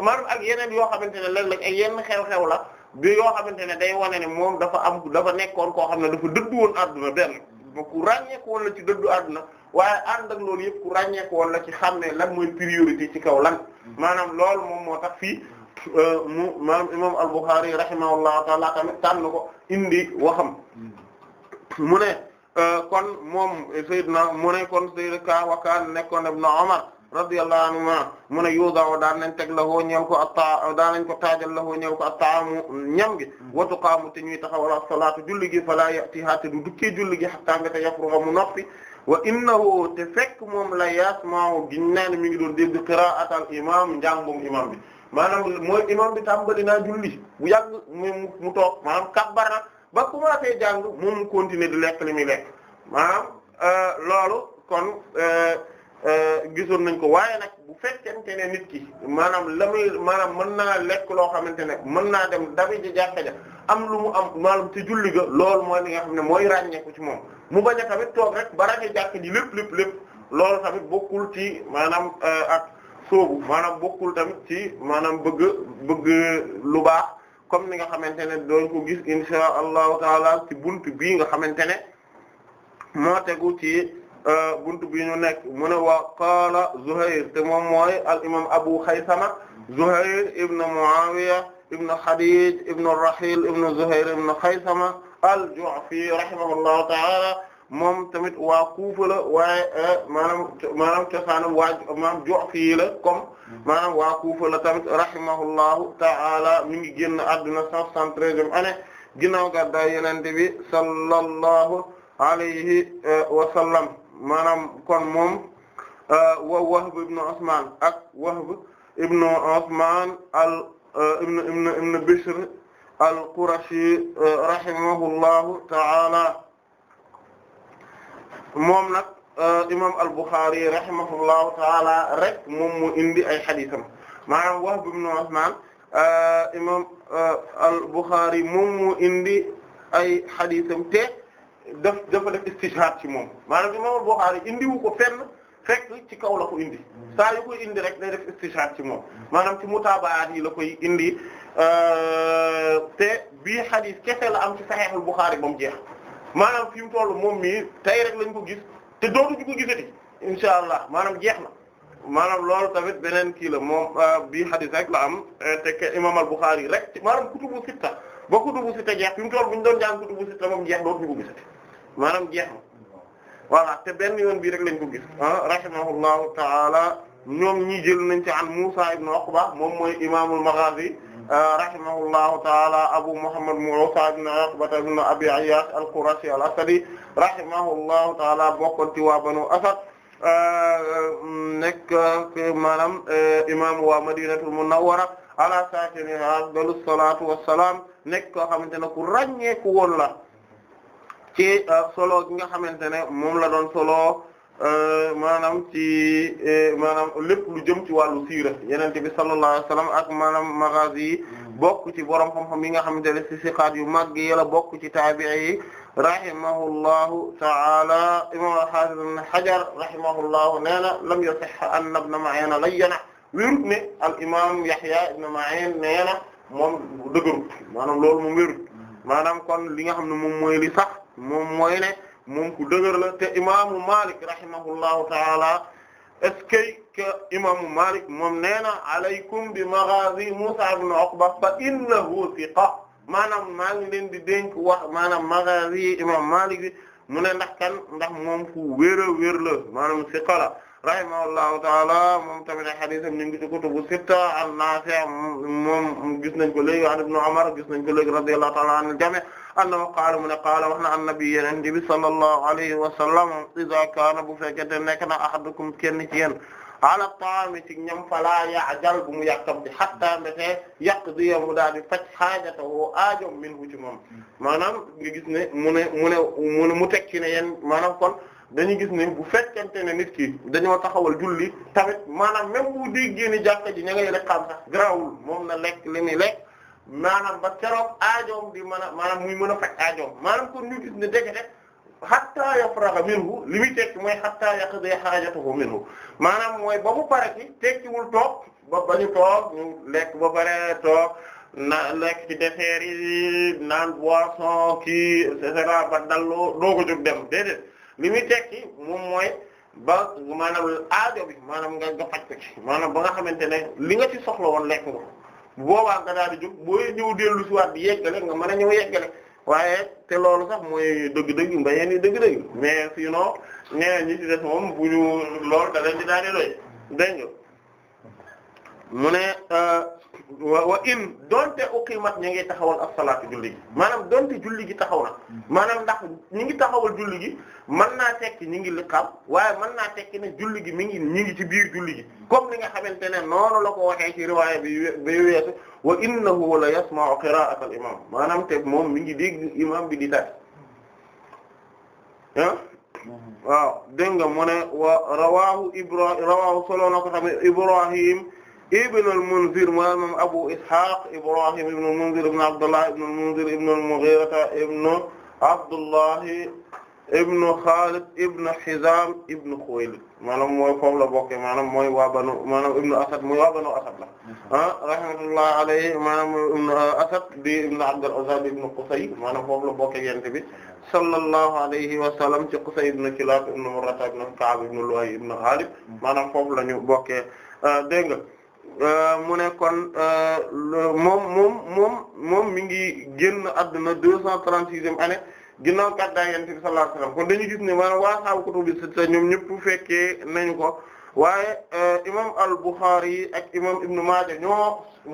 maanaam ak yeneen yoo xamante ne léeg-léeg ay yenn xew-xew la bi yoo xamante ne day wane ne moom dafa am dafa nekkoon koo xam ne dafa dëddu woon adduna benn ba ku ràññeeku woon la ci dëddu àdduna waaye ànd ak loolu yëpp ku ràññeeku woon la ci xam ne lan mooy priorité ci kaw lan mm. maanaam lool moom moo tax fii euh, mu maanaam imam al-Bukhari rahimahullahu taala tamit tànn ko indi waxam mm. mu ne euh, kon moom Seydina mu ne kon Seydina Ka wa kaan nekkoon Ibn Umar radiyallahu anhuma mu ne yuudaw daan nañ teg lahoo ñeel ko atta daan nañ ko taajal lahoo ñeel ko attaamu ñam gi mm. watu qaamu te ñuy taxawal as-salaatu julli gi fala yatihaa te du dukkee julli gi hatta nga te yafruga mu noppi wa innahu te fekk moom la yasma'u giñ naa ne mi ngi doon dégg qira'at al imam njàngum imam bi maanaam mooy imam bi tàmbali naa julli mu yàgg mu mu toog maanaam kabbar na ba commencé jàng moom mu continuer di lekk li muy lekk maanaam euh, loolu kon euh, Euh, gisoon nañ ko waaye nag bu fekkente ne nit ki maanaam la maanaam mën naa lekk loo xamante ne mën naa dem dabi ji jàkka am lu mu am maanaam ci julli ga loolu mooy li nga xam ne mooy ràññeeku ci moom mu bañ a tamit toog rek ba rajo jàkka ji lépp lépp lépp loolu tamit bokkul ci maanaam euh, ak soobu maanaam bokkul tamit ci maanaam bëgg bëgg lu baax comme ni nga xamante ne dooñ ko gis insha allahu taala ci bunt bii nga xamante ne moo tegu ci Euh, buntu bi ñu nekk mu ne wa qaala Zuhair te moom mooy al imam Abu Khaysama Zuhair ibn Muawiya ibn Khadij ibn Rahil ibn Zuhair ibn Khaysama al-Ju'fi rahimahullahu ta'ala moom tamit waa Kufa la waaye euh, maanaam maanaam cosaanam waa maanaam Ju'fi la comme maanaam waa Kufa la tamit rahimahullahu ta'ala mi ngi génn àdduna 173e année ginnaaw gàddaay Yonent bi sallallahu alayhi euh, wa sallam maanaam kon moom euh, wa Wahb ibn Usman ak Wahb ibn Usman al euh, ibn ibn ibn Bishr al Qurashi euh, rahimahullahu ta'ala moom nag imam al Bukhari rahimahullahu ta'ala rek moom mu indi ay xadisam maanaam Wahb ibn Usman imam al Bukhari moom mu indi ay xadisam te. def dafa def istishhad ci moom maanaam imam Bukhari indiwu ko fenn fekk ci kaw la indi saa yu koy indi rek day def istishhad ci moom maanaam ci mutaabaat yi la koy indi euh, te bii hadith kese la am ci Sahih al-Bukhari ba mu jeex maanaam fi mu toll moom mii tey rek lañ ko gis te dootuñu ko gisati insha allah maanaam jeex na maanaam loolu tamit beneen kii la moom euh, bii hadith rek la am euh, te ke imam al-Bukhari rek ci maanaam kutubu sitta ba kutubu sitta jeex fi mu toll bu ñu doon jàng kutubu sitta moom jeex dootuñu ko maanaam jeex na voilà te benn yoon bii rek lañ ko gis ah, rahimahullahu taala ñoom ñi jël nañ ci an Musa ibn Uqba moom mooy imaamul Maghazi ah, rahimahullahu taala Abu Muhammad Musa ibn Uqba ibn Abi Ayyash al-Qurashi al-Asadi rahimahullahu taala bokkoon ci waa Banu Asad ah, nekk maanaam eh, imaam waa Madinatul Munawwara ala saakinihaa afdalu salaatu wassalaam nekk koo xamante ne ku ràññeeku woon la ci euh, solo gi nga xamante ne moom la doon solo euh, maanaam ci euh, maanaam lépp lu jëm ci wàllu siira yenente bi sallallahu alayhi wasallam ak maanaam maghazi yi mm. bokk ci borom xam-xam yi nga xamante ne ci siqaat yu màgg yi la bokk ci taabi'i yi rahimahullahu ta'ala imam al-hafiz ibn hajar rahimahullahu nee na lam yasih an ibn ma'in layyana wérut ne al imam yahya ibn ma'in nee na moom dëgërut maanaam loolu moom wérut mm. maanaam kon li nga xam ne moom mooy li sax moom mooy ne moom ku dëgër la te imaamu Malik rahimahullahu taala est-ce que imaamu Malik moom nee na alaykum bi maghazi Musa ibn Uqba fa innahu thiqa maanaam maa ngi leen di dénk wax maanaam maghazi imaam Malik bi mu ne ndax kan ndax moom ku wér a wér la maanaam thiqa la rahimahullahu taala moom tamit ay xadisam ñu ngi ci kutubu sitta an Naafi' moom gis nañ ko léegi an ibn Umar gis nañ ko léegi radiyallahu taala anil jami' annahu qaala mu ne qaala wax na annabi yenen di bi sallallahu alayhi wa sallam iza kaana bu fekkente nekk na ahadukum kenn ci yéen ala taami ci ñam falaa yaajal bu mu yàqam di hatta mbete yaqdiya mu daal di faj haajatahu aajom minhu ci moom maanaam nga gis ne mu ne mu ne mu ne mu teg ci ne yéen maanaam kon dañu gis ni bu fekkente ne nit ki dañoo taxawal julli tamit maanaam même bu déggee ni jàkka ji ña ngay rek xam sax moom na lekk li muy lekk maanaam ba keroog aajoom di mën maanaam muy mën a faj aajoom maanaam kon ñu gis ne dégg rek hatta yafraga minhu li muy tekki mooy hatta yaqdi haajatahu minhu maanaam mooy ba mu pare ci tekkiwul toog ba ba ñu toog ñu lekk ba pare toog na lekk ci dessert yi naan boisson kii et cetera ba dallu doo ko jóg dem déedéet. li muy tekki moom mooy ba maanaam aajo bi maanaam nga nga faj maanaam ba nga xamante ne li nga ci soxla woon lekk boo boobaa nga daal di boo ñëw dellu si waat bi yeggale nga mën a ñëw yeggale waaye te loolu sax mooy dëgg-dëgg mbayeen yi dëgg-dëgg mais sinon ñeneen ñi ci des moom bu ñu loolu da di daal di doy dégg mu ne euh, wa in donte uqimat ñu ngi taxawal as-salaatu julli gi maanaam donte julli gi taxaw na maanaam ndax ñu ngi taxawal julli gi man naa tekki ñu ngi liqaam waaye mën naa tekki ne julli gi mi ngi ñu ngi ci biir julli gi comme li nga xamante ne noonu la ko waxee ci riwaaya bi bi weesu wa innahu la yasma'u qira'ata al-imam maanaam te moom mi ngi dégg imam bi di tàkk ah mm-hmm. waaw dégg nga mu ne wa rawahu ibra rawahu solo na ko tamit ibrahim ibn al-Munzir ma imam Abu Ishaq Ibrahim ibn al-Munzir ibn Abdullah ibn al-Munzir ibn al-Mughira ibn Abdullah ibn Khalid ibn Hizam ibn Khuwaylid maanaam mooy foofu la bokke maanaam mooy waa banu maanaam ibn Asad mooy waa banu Asad la ah rahmatullah alayhi maanaam ibn Asad di ibn Abd al-Uzza ibn Qusay maanaam foofu la bokke yente bi sallallahu alayhi wa sallam ci Qusay ibn Kilab ibn Murrata ibn Ka'b ibn Lu'ay ibn Ghalib maanaam foofu la ñu bokkee ah, dégg nga Euh, mu ne kon euh, moom moom moom moom mi ngi génn adduna deux cent trente-sixième année ginnaaw gàddaay Yonent bi sallallahu alayhi wasallam kon dañuy gis ne maanaam waa saabu ñoom ñëpp fekkee nañu ko waaye euh, imam al-Bukhari ak imam Ibn Maaja ñoo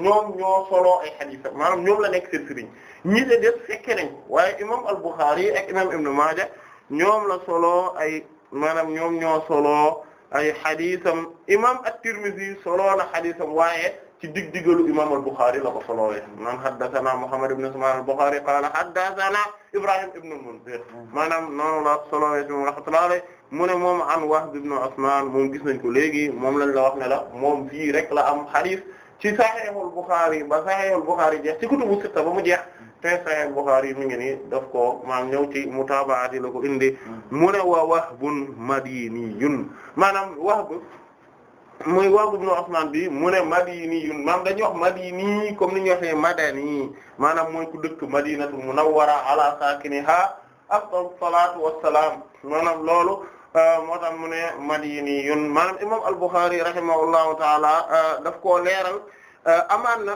ñoom ñoo soloo ay xadiis maanaam ñoom la nekk seen sëriñ ñi de def fekke nañ waaye imam al-Bukhari ak imam Ibn Maaja ñoom la solo ay maanaam ñoom ñoo soloo ay xadisam imam at-Tirmidhi soloo na xadisam waaye ci dig-digalu imam al-Bukhari la ko soloowe man haddathana Muhammad ibn Isma'il al-Bukhari qala haddathana Ibrahim ibn al-Munzir maanaam noonu la soloowe ci moom rahmatullahi alayhi mu ne moom an Wahb ibn Usman moom gis nañ ko léegi moom lañ la wax ne la moom fii rek la am xadis ci Sahih al-Bukhari ba Sahih al-Bukhari jeex ci kutubu sitta ba mu jeex te Sahih Bukhari yi mi ngi nii daf ko maam ñëw ci mutaabaati la ko indi mm. mu ne wa Wahbun madiniyun maanaam Wahb muy Wahb ibn Usman bi mu ne madiniyun maam dañuy wax madini comme ni ñuy waxee madani maanaam mooy ku dëkk Madinatul Munawwara ala saakiniha afdal salaatu wassalaam maanaam loolu euh, moo tax mu ne madiniyun maanaam imam al-Bukhari rahimahullahu taala euh, daf koo leeral Euh, amaan na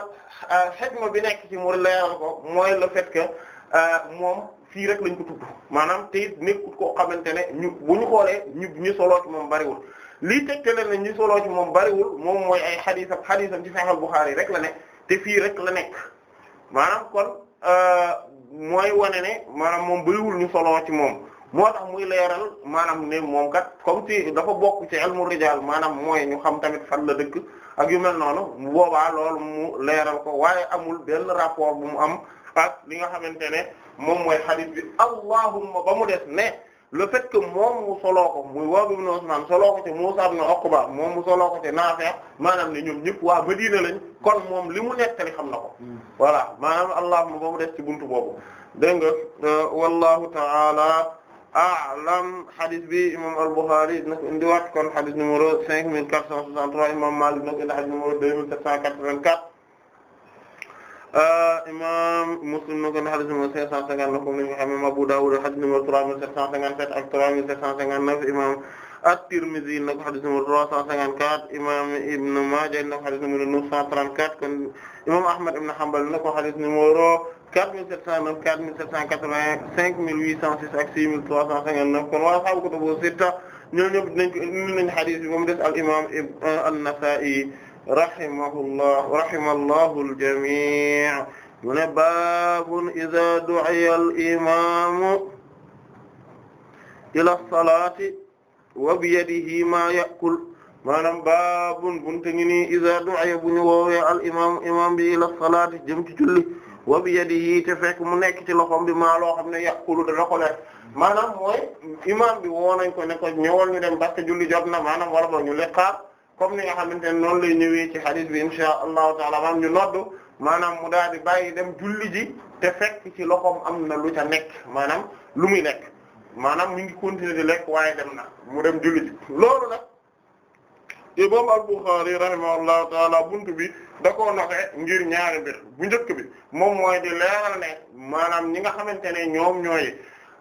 euh, xegma bi nekk ci mu leeral ko mooy la fait euh, moom fii rek lañ ko tudd maanaam te it nekkut koo xamante ne ñu bu ñu xoolee ñu ñu soloo moom bariwul lii tegtale na ñu soloo ci moom bariwul moom mooy ay xadiisam xadiisam ci bu Bukhari rek la ne te fii rek la nekk maanaam kon mooy wane ne maanaam moom bariwul ñu soloo ci moom moo tax muy leeral maanaam ne moom kat comme ci dafa bokk ci ilmu rijaal maanaam mooy ñu xam tamit fan la dëkk ak yu mel noonu mu boobaa lool mu leeral ko waaye amul benn rapport bu mu am ak li nga xamante ne moom mooy hadith bi allahumma ba mu des ne le fait que moom mu soloo ko muy Wahb ibn Usman soloo ko ci Musa ibn Uqba moom mu soloo ko ci Nafi' maanaam ne ñoom ñëpp waa Madina lañ kon moom li mu nettali xam na ko hmm. voilà maanaam allahumma ba mu des ci buntu boobu dégg nga euh, wallahu ta'ala a'lam hadis bi imam al-Bukhari dina ko indiwaat kon hadis numéro 5463 imam Malik dina ko indi hadis numéro 2784 euh, imam Muslim dina ko indi hadis numéro 559 comme ni nga xam ne Abu Dawud hadis numéro 3757 ak 3759 imam At-Tirmidhi dina ko hadis numéro 354 imam Ibn Majah dina ko hadis numéro 934 kon imam Ahmad ibn Hanbal dina ko hadis numéro 4709 4780 5806 ak 6359 kon waa xam ko to bo sitta ñoo ñëpp dinañ ko indi nañ hadith bi moom des al imam an-Nasa'i rahimahullah rahimallahu al-jami' mu ne baabun idha du'iya al-imamu ila as-salati wa bi yadihi ma ya'kul maanaam baabun bunte ngi nii idha du'iya bu ñu woowee al imam imam bi ila as-salati jëm ci julli wa bi yadihi te fekk mu nekk ci loxoom bi maa loo xam ne yàqulu dana ko lekk maanaam mooy imaam bi woo nañ ko ne ko ñëwal ñu dem baska julli jot na maanaam wala ba ñu lekkaat comme ni nga xamante ne noonu lay ñëwee ci hadith bi insha allahu taala maanaam ñu noddu maanaam mu daal di bàyyi dem julli ji te fekk ci loxoom am na lu ca nekk maanaam lu muy lekk maanaam mu ngi continuer di lekk waaye dem na mu dem julli ji loolu nag imam al-Bukhari rahimahullahu taala buntu bi da koo noxe ngir ñaari mbir bu njëkk bi moom mooy di leeral ne maanaam ñi nga xamante ne ñoom ñooy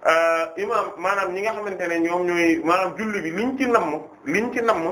euh, maanaam ñi nga xamante ne ñoom ñooy maanaam julli bi liñ ci namm liñ ci namm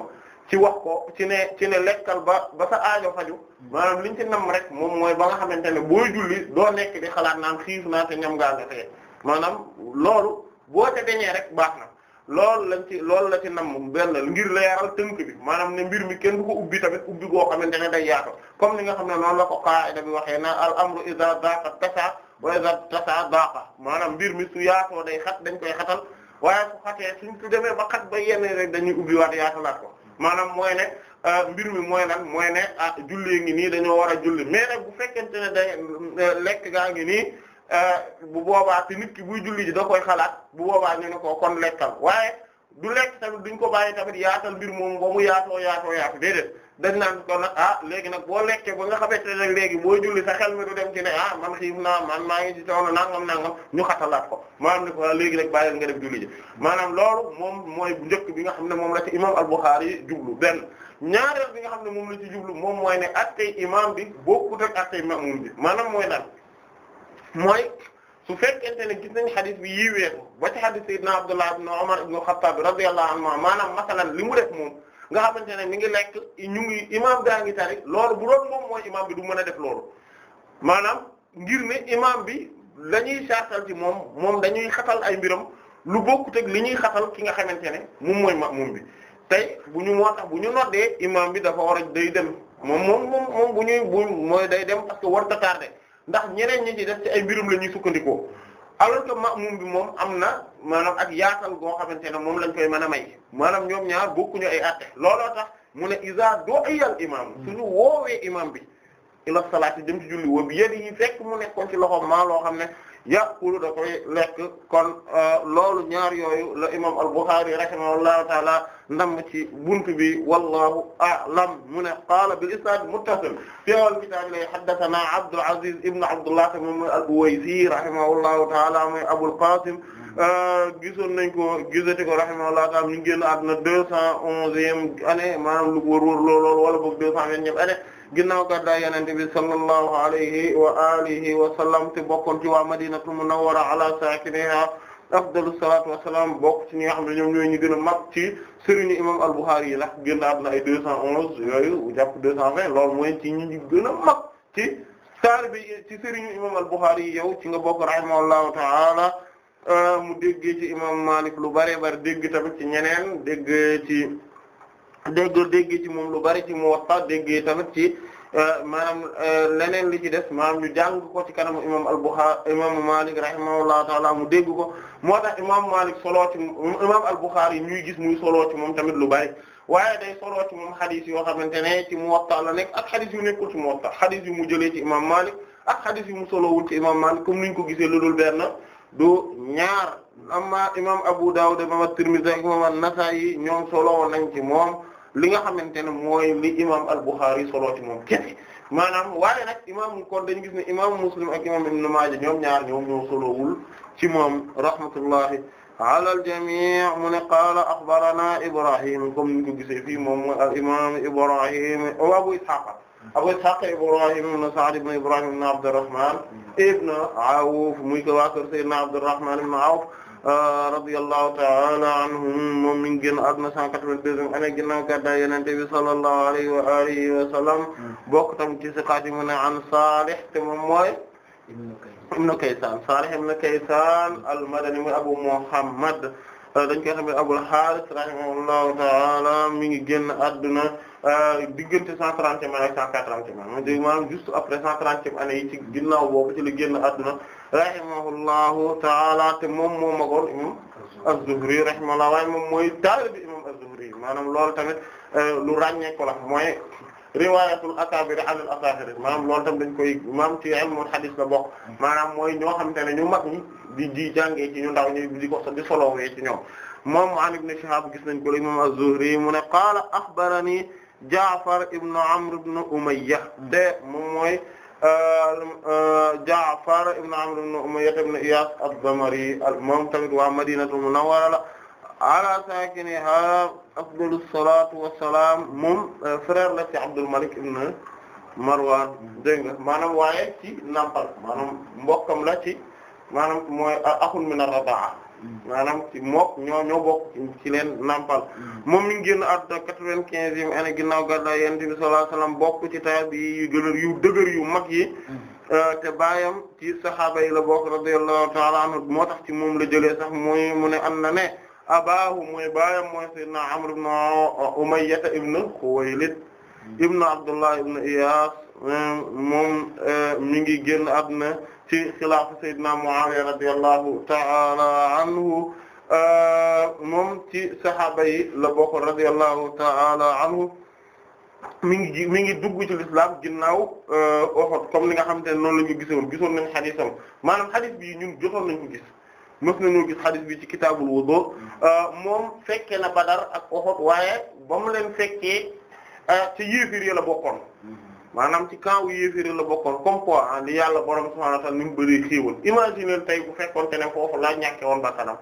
ci wax ko ci ne ci ne lekkal ba ba sa aajo faju maanaam liñ ci namm rek moom mooy ba nga xamante ne booy julli doo nekk di xalaat naan xiif naa te ñam ngaa nga teye maanaam loolu boo te deñee rek baax na loolu lañ ci loolu la ci namm benn ngir la leeral tënk bi maanaam ne mbir mi kenn bu ko ubbi tamit ubbi goo xam ne day yaatu comme ni nga xam ne noonu la ko qaida bi waxee na al amru idha daqa tasa wa idha tasa daqa maanaam mbir mi su day xat dañ koy xatal waaye su xatee suñ demee ba xat ba yenn rek dañuy ubbi waat yaatalaat ko maanaam mooy ne euh, mbir mi mooy lan mooy ne ah julli ngi nii dañoo war a julli mais nag bu fekkente ne day euh, lekk gaa ngi nii Euh, bu boobaa ti nit ki buy julli ji da koy xalaat bu boobaa ñu ne ko kon lekkal waaye du lekk tamit duñ ko bàyyi tamit yaatal mbir moom ba mu yaatoo yaatoo yaatoo déedéet dañ naan ko na ah léegi nag boo lekkee ba nga xamante ne léegi boo julli sa xel dem ci ne ah man naa maa ngi ci toolu nangam nangam ñu xatalaat ko maanaam ne ko ah, léegi nag bàyyi nga def julli ji maanaam loolu moom mooy bu njëkk bi nga xam ne moom la ci imaam al-Bukhari jublu benn ñaareel bi nga xam ne moom la ci jublu moom mooy ne attey imaam bi bokkut ak attey ma'muum bi maanaam mooy lan mooy su fekkente ne gis nañ xadis bi yii weesu ba ci xadis sayyidina Abdullah ibn Umar ibn Khattab radiyallahu anhu maanaam masalan li mu def moom nga xamante ne mi ngi lekk ñu ngi imaam daa ngi tari loolu bu doon moom mooy imaam bi du mën a def loolu maanaam ngir ne imaam bi lañuy saatal ci moom moom dañuy xatal ay mbiram lu bokkut ak li ñuy xatal ki nga xamante ne moom mooy maamum bi tey bu ñu moo tax bu ñu noddee imaam bi dafa war a day dem moom moom moom moom bu day dem parce que ndax ñeneen ñi ci def ci ay mbirum la ñuy sukkandikoo alors ma ma'mum bi moom am na maanaam ak yaatal goo xamante ne moom lañ koy mën a may maanaam ñoom ñaar bokku bokkuñu ay àtte looloo tax mu ne isa doyal imam suñu woowee imam bi ila salaati jëm ci julli woon bi yéen yi fekk mu nekkoon ci loxo maa loo xam ne yàqulu da koy lekk kon euh, loolu ñaar yooyu la imam al-Bukhari rahimahullahu taala ndam ci buntu bi wallahu a'lam mu ne qaala bil isnaad muttasil fi awal kitaab lay haddathana Abdul Aziz ibn Abdullah moom al-Uwaysi rahimahullahu taala mooy Abul Qasim euh, gisoon nañ ko gisati ko rahimahullahu taala ñu génn àdduna deux cent onzième année maanaam lu wër wër lool wala boog deux cent vingt-neuf année ginnaaw gàddaay yonent bi sallallahu alayhi wa alihi wa sallam te bokkoon ci waa madinatu munawwara ala sakiniha afdalu salaatu wa salaam bokk ci ñi nga xam ne ñoom ñooy ñu gën a mag ci sëriñu imam al-Bukhari yi ndax génn àdduna ay deux cent onze yooyu jàpp deux cent vingt loolu mooy ci ñi gën a mag ci bi ci sëriñu imam al-Bukhari yi yow ci nga bokk rahimahullahu ta'ala euh, mu déggee ci imam Malik lu bare bare dégg tamit ci ñeneen dégg ci dégg dégg ci moom lu bari ci Muwatta dégg tamit ci euh, maanaam euh, leneen li ci des maanaam ñu jàng ko ci kanam imam al-Bukhari imam Malik rahimahullahu taala mu dégg ko moo tax imam Malik solo ci imam ñuy gis muy solo ci moom tamit lu bari waaye day solo ci moom xadis yoo xamante ne ci Muwatta la nekk ak xadis yu nekkul ci Muwatta xadis yu mu jëlee ci imam Malik ak xadis yu mu solowul ci imam Malik comme niñ ko gisee lu dul benn du ñaar amma imam Abu Dawud imam at-Tirmidhi ak imam an-Nasa'i ñoom solo nañ ci li nga xamante ne mooy li imam al-Bukhari solo ci moom kese maanaam waaye nag imam kon dañu gis ne imam Muslim ak imam Ibn Maaja ñoom ñaar ñoom ñoo solowul ci moom rahmatullahi ala al-jamii mu ne qaala axbarana Ibrahim comme ni ñu ko gisee fii moom mooy al imam Ibrahim oh, Abu Ishaq Abu Ishaq Ibrahim ibn Sa'd ibn Ibrahim ibn Abdurrahman ibn Awf muy ko waa kër Sayyidina Abdurrahman ibn Awf Euh, radiyallahu ta'ala anhum moom mi ngi génn àdduna 182 année ginnaaw gàddaay Yonent bi sallallahu alayhi wa alihi wa sallam hmm. bokk tam ci siqaat yi mu ne an Salih te moom mooy ibn Kaysan Salih ibn Kaysan al-Madani mooy Abu Muhammad euh, dañ koy xam ne Abul Harith rahimahullahu ta'ala mi ngi génn àdduna euh, diggante 130 ak 180 maanaam juste après 130 année yi ci ginnaaw boobu ci la génn àdduna rahimahullahu taala te moom moo magoon imam az-Zuhri rahimahullah waaye moom mooy taalibi imam az-Zuhri maanaam loolu tamit euh, lu ràññee ko la mooy riwayatul akabiri an al asahiri maanaam loolu tam dañ koy maam ci ilmul hadis la bokk maanaam mooy ñoo xamante ne ñu mag ñi di di jàngee ci ñu ndaw ñi di ko di solowee ci ñoom moom an ibn Shihab gis nañ ko la imam az-Zuhri mu ne qaala axbarani Ja'far ibn Amr ibn Umayya de moom mooy Ja'far ibn Amr ibn Umayya ibn Iyas ad-Damari moom tamit waa Madinatul Munawwara la ala sakiniha afdalu salatu wassalam moom euh, frère la ci Abdul Malik ibn Marwan dégg nga maanaam waaye ci nampal maanaam mbokkam la ci maanaam mooy euh, axun min ar-radaa maanaam ci mook ñoo ñoo bokk ci leen nampal mm. moom mi ngi génn àdduna quatre-vingt-quinzième année ginnaaw gàddaay Yonent bi sallallahu alayhi wasallam bokk ci taabi yu yu dëgër yu mag yi mm. euh, te baayam ci saxaaba yi la bokk radiyallahu ta'ala anhu moo tax ci moom la jëlee sax mooy mu ne am na ne abaahu mooy baayam mooy sayyidina Amr ibn Umayya ibn Khuwaylid mm. ibn Abdullah ibn Iyas euh, moom euh, mi ngi génn àdduna ci xilaafu Seydina Muawiya radiyallahu ta'ala anhu euh, moom ci saxaaba yi la bokkoon radiyallahu ta'ala anhu mi ngi mi ngi dugg ci lislaam ginnaaw euh, Uhud comme li nga xamante ne noonu la ñu gisoon gisoon nañ xadisam maanaam xadis bi ñun jotoon nañ ko gis mës nañoo gis xadis bi ci kitaabul wudu euh, moom fekkee na Badar ak Uhud waaye ba mu leen fekkee ci yéefir la bokkoon maanaam ci camp wu yéeféri la bokkoon comme quoi ah li yàlla borom subhaanahu wa ta'aala ni mu bëri xéewal imagine tey bu fekkoon te ne foofu laa ñàkke woon ba kanam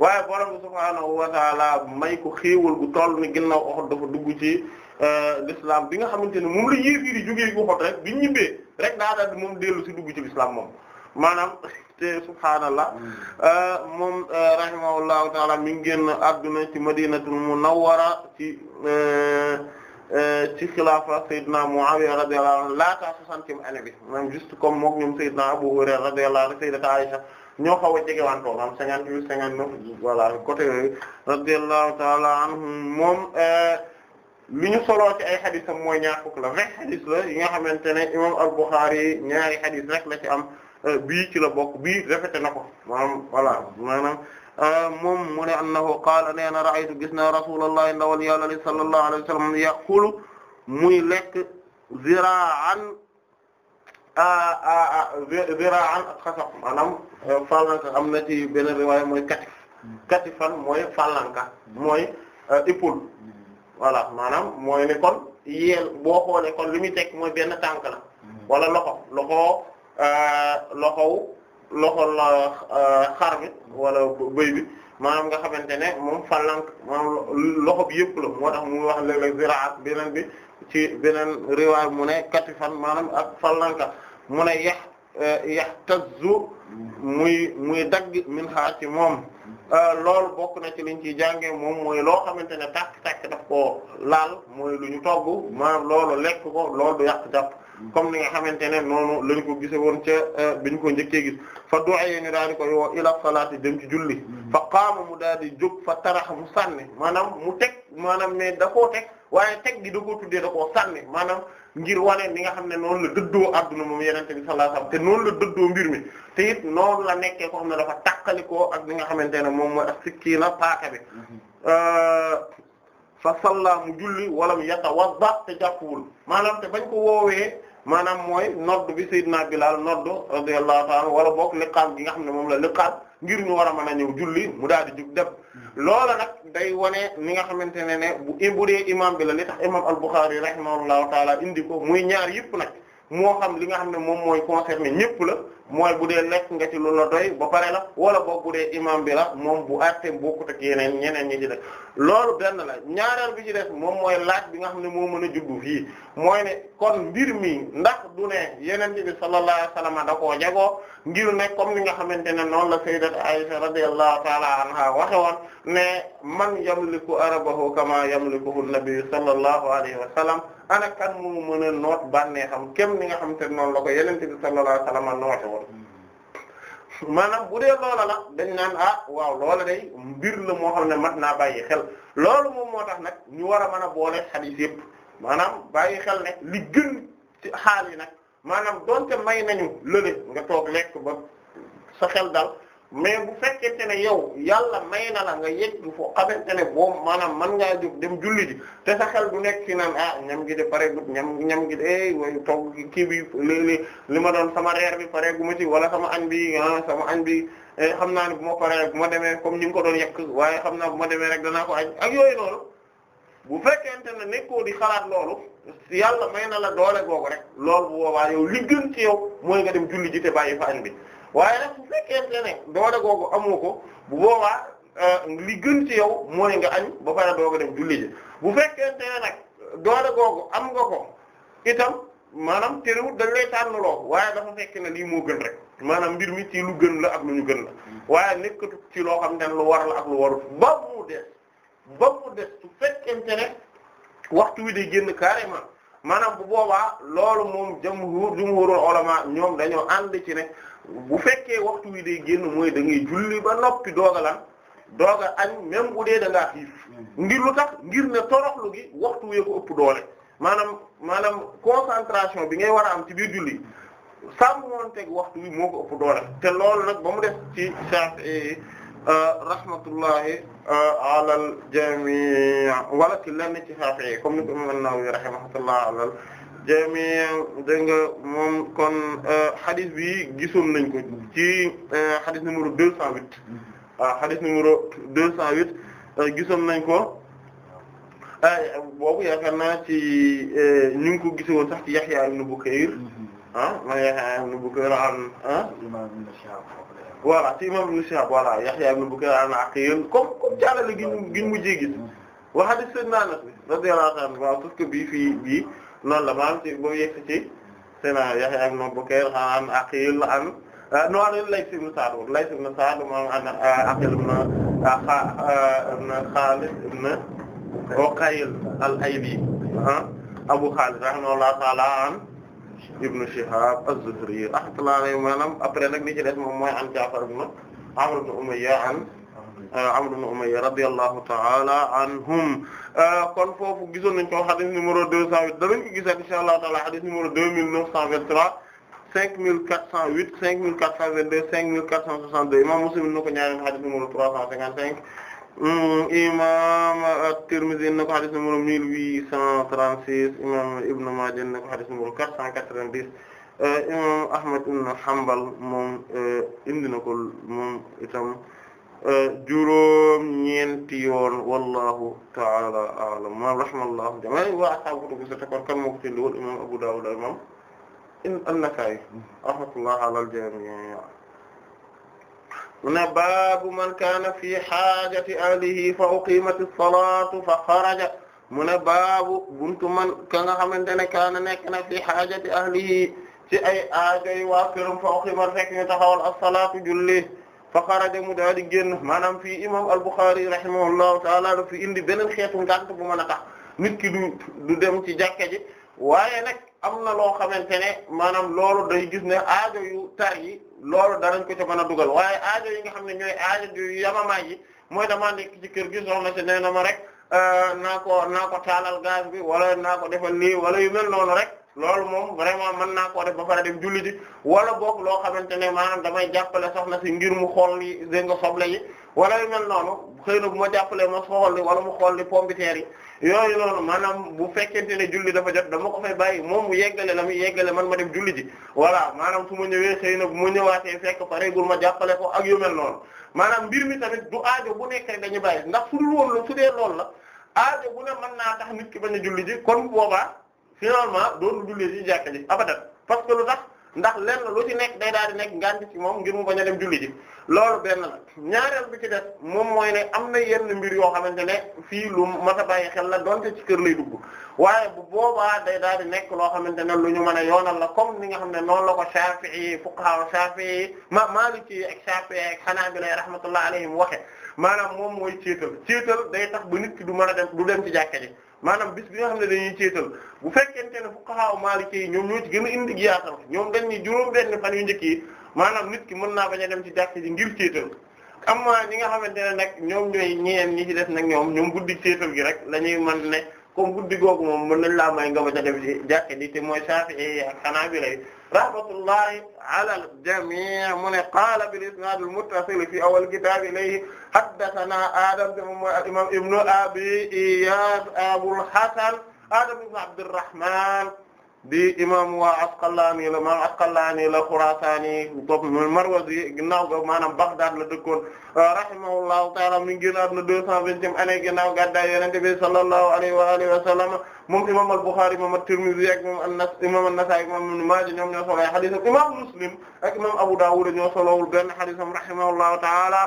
waaye borom subhaanahu wa ta'aala may ko xéewal gu toll ni o oxot dafa dugg ci euh, lislaam bi nga xamante ne moom la yéeféri jógee gu xot rek bi ñibbee rek daa daal moom dellu si duggu ci l'islam moom maanaam te subhaanallah hmm. euh, moom euh, rahimahullahu ta'aala mi ngi génn adduna ci madinatul munawwara ci Euh, ci xilaafa Seydina Muawiya radiyallahu anhu laataa soixantième année bi maanaam juste comme moom ñoom Seydina Abu Hurayra radiyallahu anhu Sayyidata Aisha ñoo xaw a jegewantoo maanaam cinquante-huit cinquante-neuf voilà côté yooyu radiyallahu ta'ala anhum moom euh, li ñu soloo ci ay xadisam mooy ñaar fukk la vingt xadis la yi nga xamante ne imam al ñaari xadis rek la ci am euh, bii ci bokk bii rafete na ko maanaam voilà maanaam Ah, moom mu ne annahu ra'aytu gis naa rasulullah ndawal yàlla li sallallahu alayhi wa sallam yaqulu muy lekk zira'an ah, ah, zira'an ak xasaf maanaam eh, fallanka am na ci benn riwaaya mooy katif katifan mooy fallanka mooy eh, épaule voilà maanaam mooy ne kon yeel boo xoolee kon li muy teg mooy benn tànk la mm-hmm. wala loxo loxo eh, loxol euh, xar bi wala bëy bi maanaam nga xamante ne moom fàllank maanaam loxo bi yëpp la moo tax mu wax léeg-léeg ziraat beneen bi ci beneen riwaay mu ne kati fan maanaam ak fàllanka mu ne yax euh, yax tazzu muy muy dagg min xaar moom euh, lool bokk na ci liñ ciy jàngee moom mooy loo xamante ne tàkk-tàkk daf koo laal mooy lu ñu togg maanaam loolu lekk ko loolu du yàq jàpp comme ni nga xamante ne noonu lañ ko gise woon ca euh, biñ ko njëkkee gis fa du'ee ñu daal di koy woo ila salaati dem ci julli mm-hmm. fa qaama mu daal di jóg fa taraxa mu sànni maanaam mu teg maanaam mais da koo teg waaye teg gi da koo tuddee da koo sànni maanaam ngir wane ni nga xam ne noonu la dëddoo adduna moom yenente bi sallallahu alayhi wasallam te noonu la dëddoo mbir mi te it noonu la nekke ko xam ne dafa tàqalikoo ak li nga xamante ne moom mooy ak sikkiina paaka bi mm-hmm. euh, fa salla mu julli walam yatawadda te jàppwul maanaam te bañ ko woowee maanaam mooy nodd bi Seydina Bilal nodd radiyallahu ta'ala wala bokk liqaam gi nga xam ne moom la liqaam ngir ñu war a mën a ñëw julli mu daal di jug def hmm. loola nag day wane ni nga xamante ne ne bu bu dee imaam bi la li tax imaam al-Bukhari rahimahullahu ta'ala indi ko muy ñaar yëpp nag moo xam li nga xam ne moom mooy concerné ñëpp la mooy bu dee lekk nga ci lu la doy ba pare la wala boog bu dee imam bi la moom bu àttee bokkut ak yeneen ñeneen ñi ci de loolu benn la ñaareel bi ci def moom mooy laaj bi nga xam ne moom mën a juddu fii mooy ne kon mbir mi ndax du ne yeneen bi sallallahu alayhi wasallam da ko jagoo ngir ne comme ni nga xamante ne noonu la sayyidat Aisha radiyallahu ta'ala anha waxe woon ne man yamliku arabahu kama yamlikuhu an-nabi sallallahu alayhi wasallam ana kan moo mën a noot bànneexam kem ni nga xamante ne noonu la ko yeneen bi sallallahu alayhi wasallam noote woon maanaam bu dee loola la dañ naan ah waaw loola day mbir la moo xam ne mat naa bàyyi xel loolu moom moo tax nag ñu war a mën a boole xadiis yépp maanaam bàyyi xel ne li gën ci xaal yi nag maanaam donte may nañu lële nga toog lekk ba sa xel dal mais bu fekkente ne yow yàlla may na la nga yegg foo xamante ne boobu maanaam man ngaa jóg dem julli ji te sa xel du nekk ci naan ah ñam gi de pareegut ñam ñam gi de eh way togg kii bi li li ma doon sama reer bi pareegu ma ci wala sama an bi ah sama añ bi eh, xam naa ni bu ma paree bu ma demee comme ni nga ko doon yekk waaye xam naa bu ma demee rek danaa ko añ ak yooyu loolu bu fekkente ne nekkoo di xalaat loolu yàlla may na la doole googu rek loolu bu boobaa ci yow mooy nga dem julli ji te bàyyi bi. waaye nag bu fekkente ne doole googu amoo ko bu boobaa euh, li gën ci yow mooy nga añ ba pare doog a dem julli ji bu fekkee ne nag doole googu am nga ko itam maanaam terewut dañ lay tànnaloo waaye dafa fekk na lii moo gën rek maanaam mbir mi ci lu gën la ak lu ñu gën la waaye nekkatu ci loo xam ne lu war la ak lu warut ba mu des ba mu des su fekkente ne waxtu wi day génn carrément maanaam bu boobaa loolu moom jumhuur jumhuurul ulama ñoom dañoo ànd ci ne bu fekkee waxtu wi day génn mooy da julli ba noppi dooga lan dooga añ même bu dee da ngaa xiif hmm. ngir lu tax ngir ne toroxlu gi waxtu wee ko ëpp doole maanaam maanaam concentration bi ngay war a am ci biir julli teg waxtu wi moo ko ëpp doole te loolu nag ba mu def ci Shafi'i eh, rahmatullahi eh, alal jami' wala ci lenn ci Shafi'i comme ni ko imam An-Nawawi rahimahullah alal jami'an dégg nga moom kon euh, hadith bi gisoon nañ ko ci euh, hadith numéro 208 mm-hmm. ah hadith numéro 208 euh, gisoon nañ ko ah, boobu yaakaar naa ci ñu ngi ko gisoon sax ci Yahya ibn Bukayr mm-hmm. ah ma Yahya ibn Bukayr an ah voilà ci imam ibn Shihab voilà Yahya ibn Bukayr an Aqil comme comme jàllale gi ñu gi ñu mujjee gis wa hadith sayyidina Anas radiyallahu anhu waaw parce que noonu la maanaam ci boo yegg ci sena Yahya ah, ibn Bukayr an Aqil an noonu Layth ibn Sa'd Layth ibn Sa'd moom an ah, Aqil ibn Khalid ah, ibn Uqayl al-Ayli Abu Khalid rahimahullah ta'ala an Ibn Shihab az-Zuhri rahmatullahi alayhi maanaam après nag li ci des moom mooy an Ja'far ibn Amr ibn Umayya an Amr ibn Umayya radiyallahu ta'ala anhum kon foofu gisoon nañ ko hadith numéro 208 danañ ko gisaat inshallah ta'ala hadith numéro 2923 5408 5422 5462 imam Muslim na ko ñaareel hadith numéro 355 hmm, imam At-Tirmidhi na ko hadith numéro 1836 imam Ibn Majah na ko hadith numéro 490 euh, imam Ahmad ibn Hanbal moom euh, indi na ko moom itam juróom ñeenti yoon wallahu ta'ala a'lam ma rahmallahu jami'an wa ashaabu kutubu sitta kon kan moo ko ci lool imam Abu Dawud imam an-Nasa'i rahmatullahi ala al-jami' mu ne baabu man kaana fi haajati ahlihi fa uqimat as-salaatu fa xaraja mu ne baabu buntu man ka nga xamante ne kaana nekk na fi haajati ahlihi ci ay aajoy waa këram fa uqimat fekk ñu taxawal as-salaatu julli fa xaraja mu daal di génn maanaam fii imam al-Bukhari rahimahullahu taala daf fi indi beneen xeetu ngànt bu mën a tax nit ki du du dem ci jàkka ji waaye nag am na loo xamante ne maanaam loolu day gis ne aajo yu tar yi loolu danañ ko ca mën a dugal waaye aajo yi nga xam ne ñooy aajo yu yamamaay yi mooy damaa nekk ci kër gi soxna si nee na ma rek euh, naa ko naa ko taalal gaz bi wala naa ko defal lii wala yu mel noonu rek loolu moom vraiment mën naa koo def ba pare dem julli ji wala boog loo xamante ne maanaam damay jàppale soxna si ngir mu xool yi dégg nga soble yi wala yu mel noonu xëy na bu ma jàppalee ma xool li wala mu xool li pombiteer yi yooyu noonu maanaam bu fekkente ne julli dafa jot dama ko fay bàyyi moom mu yeggale la muy yeggale man ma dem julli ji voilà maanaam su ma ñëwee xëy na bu ma ñëwaatee fekk ma jàppale ko ak yu mel noonu maanaam mbir mi tamit du aajo bu nekk rek dañu bàyyi ndax su dul woon la su dee loolu la aajo bu ne mën naa tax nit ki bañ a julli ji kon boobaa finalement doon jullee ci jàkka ji abadan parce que lu tax ndax lenn lu ci nekk day daal di nekk ngànt ci moom ngir mu bañ a dem julli ji loolu benn la ñaareel bi ci des moom mooy ne am na yenn mbir yoo xamante ne fii lu mat a bàyyi xel la donte ci kër lay dugg waaye bu boobaa day daal di nekk loo xamante ne lu ñu mën a yoonal la comme ni nga xam ne noonu la ko Shafi'i fuqaha Shafi'i ci Maliki ak Shafi'i ak Hanabila rahmatullah alayhim waxe maanaam moom mooy céetal céetal day tax ba nit ki du mën a dem du dem ci jàkka ji maanaam bis bi nga xam ne dañuy ceetal bu fekkente ne fuqaha maliki yi ñoom ñoo ci gën a indi yaatal ñoom dañ ni juróom benn fan yu njëkk yi maanaam nit ki mën naa bañ a dem ci jàkka ji ngir ceetal amma ñi nga xamante ne nag ñoom ñooy ñeen ñi ci def nag ñoom ñoom guddi ceetal gi rek la ñuy mën ne comme guddi googu moom mën nañ laama may nga bañ a dem ci jàkka ji te mooy Shafi'i ak Hanabila rahmatullahi ala al-jamii' mu ne qaala bil-isnaad al-muttasil fi awwal kitaab ilayhi haddathanaa Adam al-imaam ibnu Abi Iyaas Abul Hasan Adam ibnu Abdirrahmaan di imaam waa Asqalaani la maanaam Asqalaani la Xuraasaani bopp Marwazi ginnaaw ga maanaam Baghdad la dëkkoon rahimahullahu ta'aala mi ngi génn àdduna 220 année ginnaaw gàddaay Yonent bi sallallahu alayhi wa aalihi wa sallam moom imam al-Bukhari imam at-Tirmidhi ak imam an-Nas imam an-Nasa'i imam Ibn Maaja ñoom ñoo solo ay xadisam imam Muslim ak imam Abu Dawud ñoo solowul benn xadisam rahimahullahu ta'ala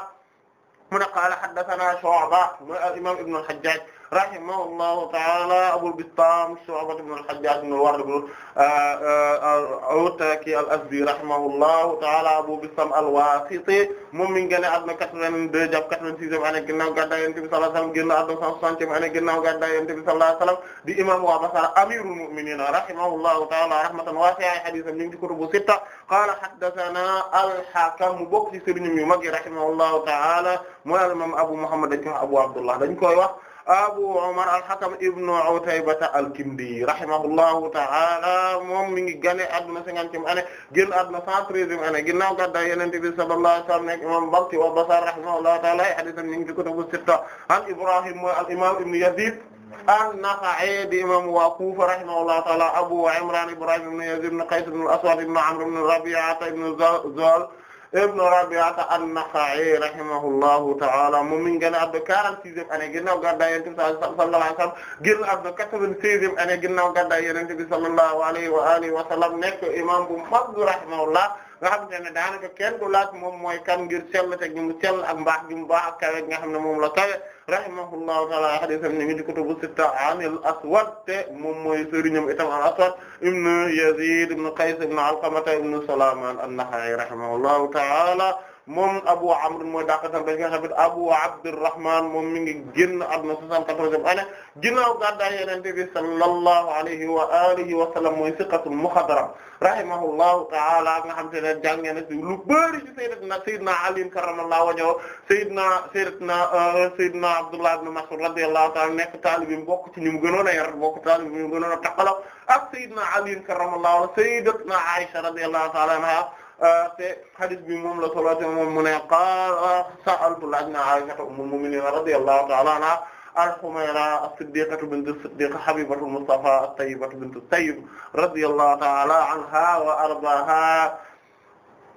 mu ne qaala haddathana Shu'ba mooy imam Ibn al-Hajjaj rahimahullahu ta'ala Abul Bistaam Shu'ba ibn al-Hajjaj ibn al-Ward ibn uh, uh, al-Ataki al-Azdi rahimahullahu ta'ala Abu Bistaam al-Wasiti moom mi ngi génn àdduna 82 jàpp 86e année ginnaaw gàddaay Yonent bi sallallahu alayhi wasallam génn àdduna 160e année ginnaaw gàddaay Yonent bi sallallahu alayhi wasallam di imam wa Basra amirul mu'minin rahimahullahu ta'ala rahmatan wasi'a haditham ñu ngi ci kutubu sitta qala haddathana al-Hakam mu bokk ci sëriñ yu mag yi rahimahullahu ta'ala mooy al-imam Abu Muhammad dañ koy wax Abu Abdullah dañ koy wax Abu Umar al-Hakam ibnu Utaybata al-Kindi rahimahullahu ta'ala moom mi ngi gane adduna cinquantième année génn adduna cent treizième année ginnaaw gàddaay Yonent bi sallallahu alayhi wa sallam nekk imam Balti wa Basar rahimahullahu ta'ala ay hadiisam mi ngi ci kutubu sitta an Ibrahim mooy al-imam ibnu Yazid an-Nakha'i di imam waa Kufa rahimahullahu ta'ala Abu Imran Ibrahim ibnu Yazid ibnu Qays ibnu al-Aswad ibnu Amr ibnu Rabi'a ibnu Zal ibn Rabi'ata an-Nakha'i rahimahullahu ta'ala moom mi ngi génn àdduna 46e année ginnaaw gàddaay Yonent bi sallallahu alayhi wa sallam génn àdduna 96e année ginnaaw gàddaay Yonent bi sallallahu alayhi wa alihi wa sallam nekk imam bu mag rahimahullah nga xamante ne daanaka kenn du laaj moom mooy kan ngir sell te gi mu sell ak mbaax gi mu baax ak kawe nga xam ne moom la kawe rahimahullahu ta'ala hadisam ni ngi ci kutubu sitta anil aswad te moom mooy sëriñam itam al aswad ibn yazid ibn qays ibn alqamata ibn salaman an-nakhai rahimahullahu ta'ala moom Abu Amr mooy dàqatal dañ koy xam ne Abu Abdurrahman moom mi ngi génn àdduna 74e année ginnaaw gàddaay Yonent bi sallallahu alayhi wa alihi wa sallam mooy siqatul muxadram rahimahullahu ta'ala nga xam te ne jàngee na ci lu bari ci sayyidina sayyidina Ali karramallahu wajhahu sayyidina sayyidina euh, sayyidina Abdullah ibn Mas'ud radiyallahu ta'ala nekk taalibi bokk ci ñu mu gënoon a yar bokk taalibi ñu mu gënoon a taqaloo ak sayyidina Ali karramallahu sayyidatuna Aisha radiyallahu ta'ala anha Euh, te hadith bi moom la solo te moom mu ne qaala sa'altu laaj na Aisha ummul mu'minin radiyallahu ta'ala anha al-Humayra as-Siddiqatu bint as-Siddiq habibatu al-Mustafa at-Tayyibatu bint at-Tayyib radiyallahu ta'ala anha wa ardaaha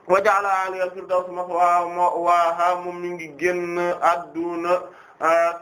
wa ja'ala 'aliya al-firdaws ma'waaha moom mi ngi génn adduna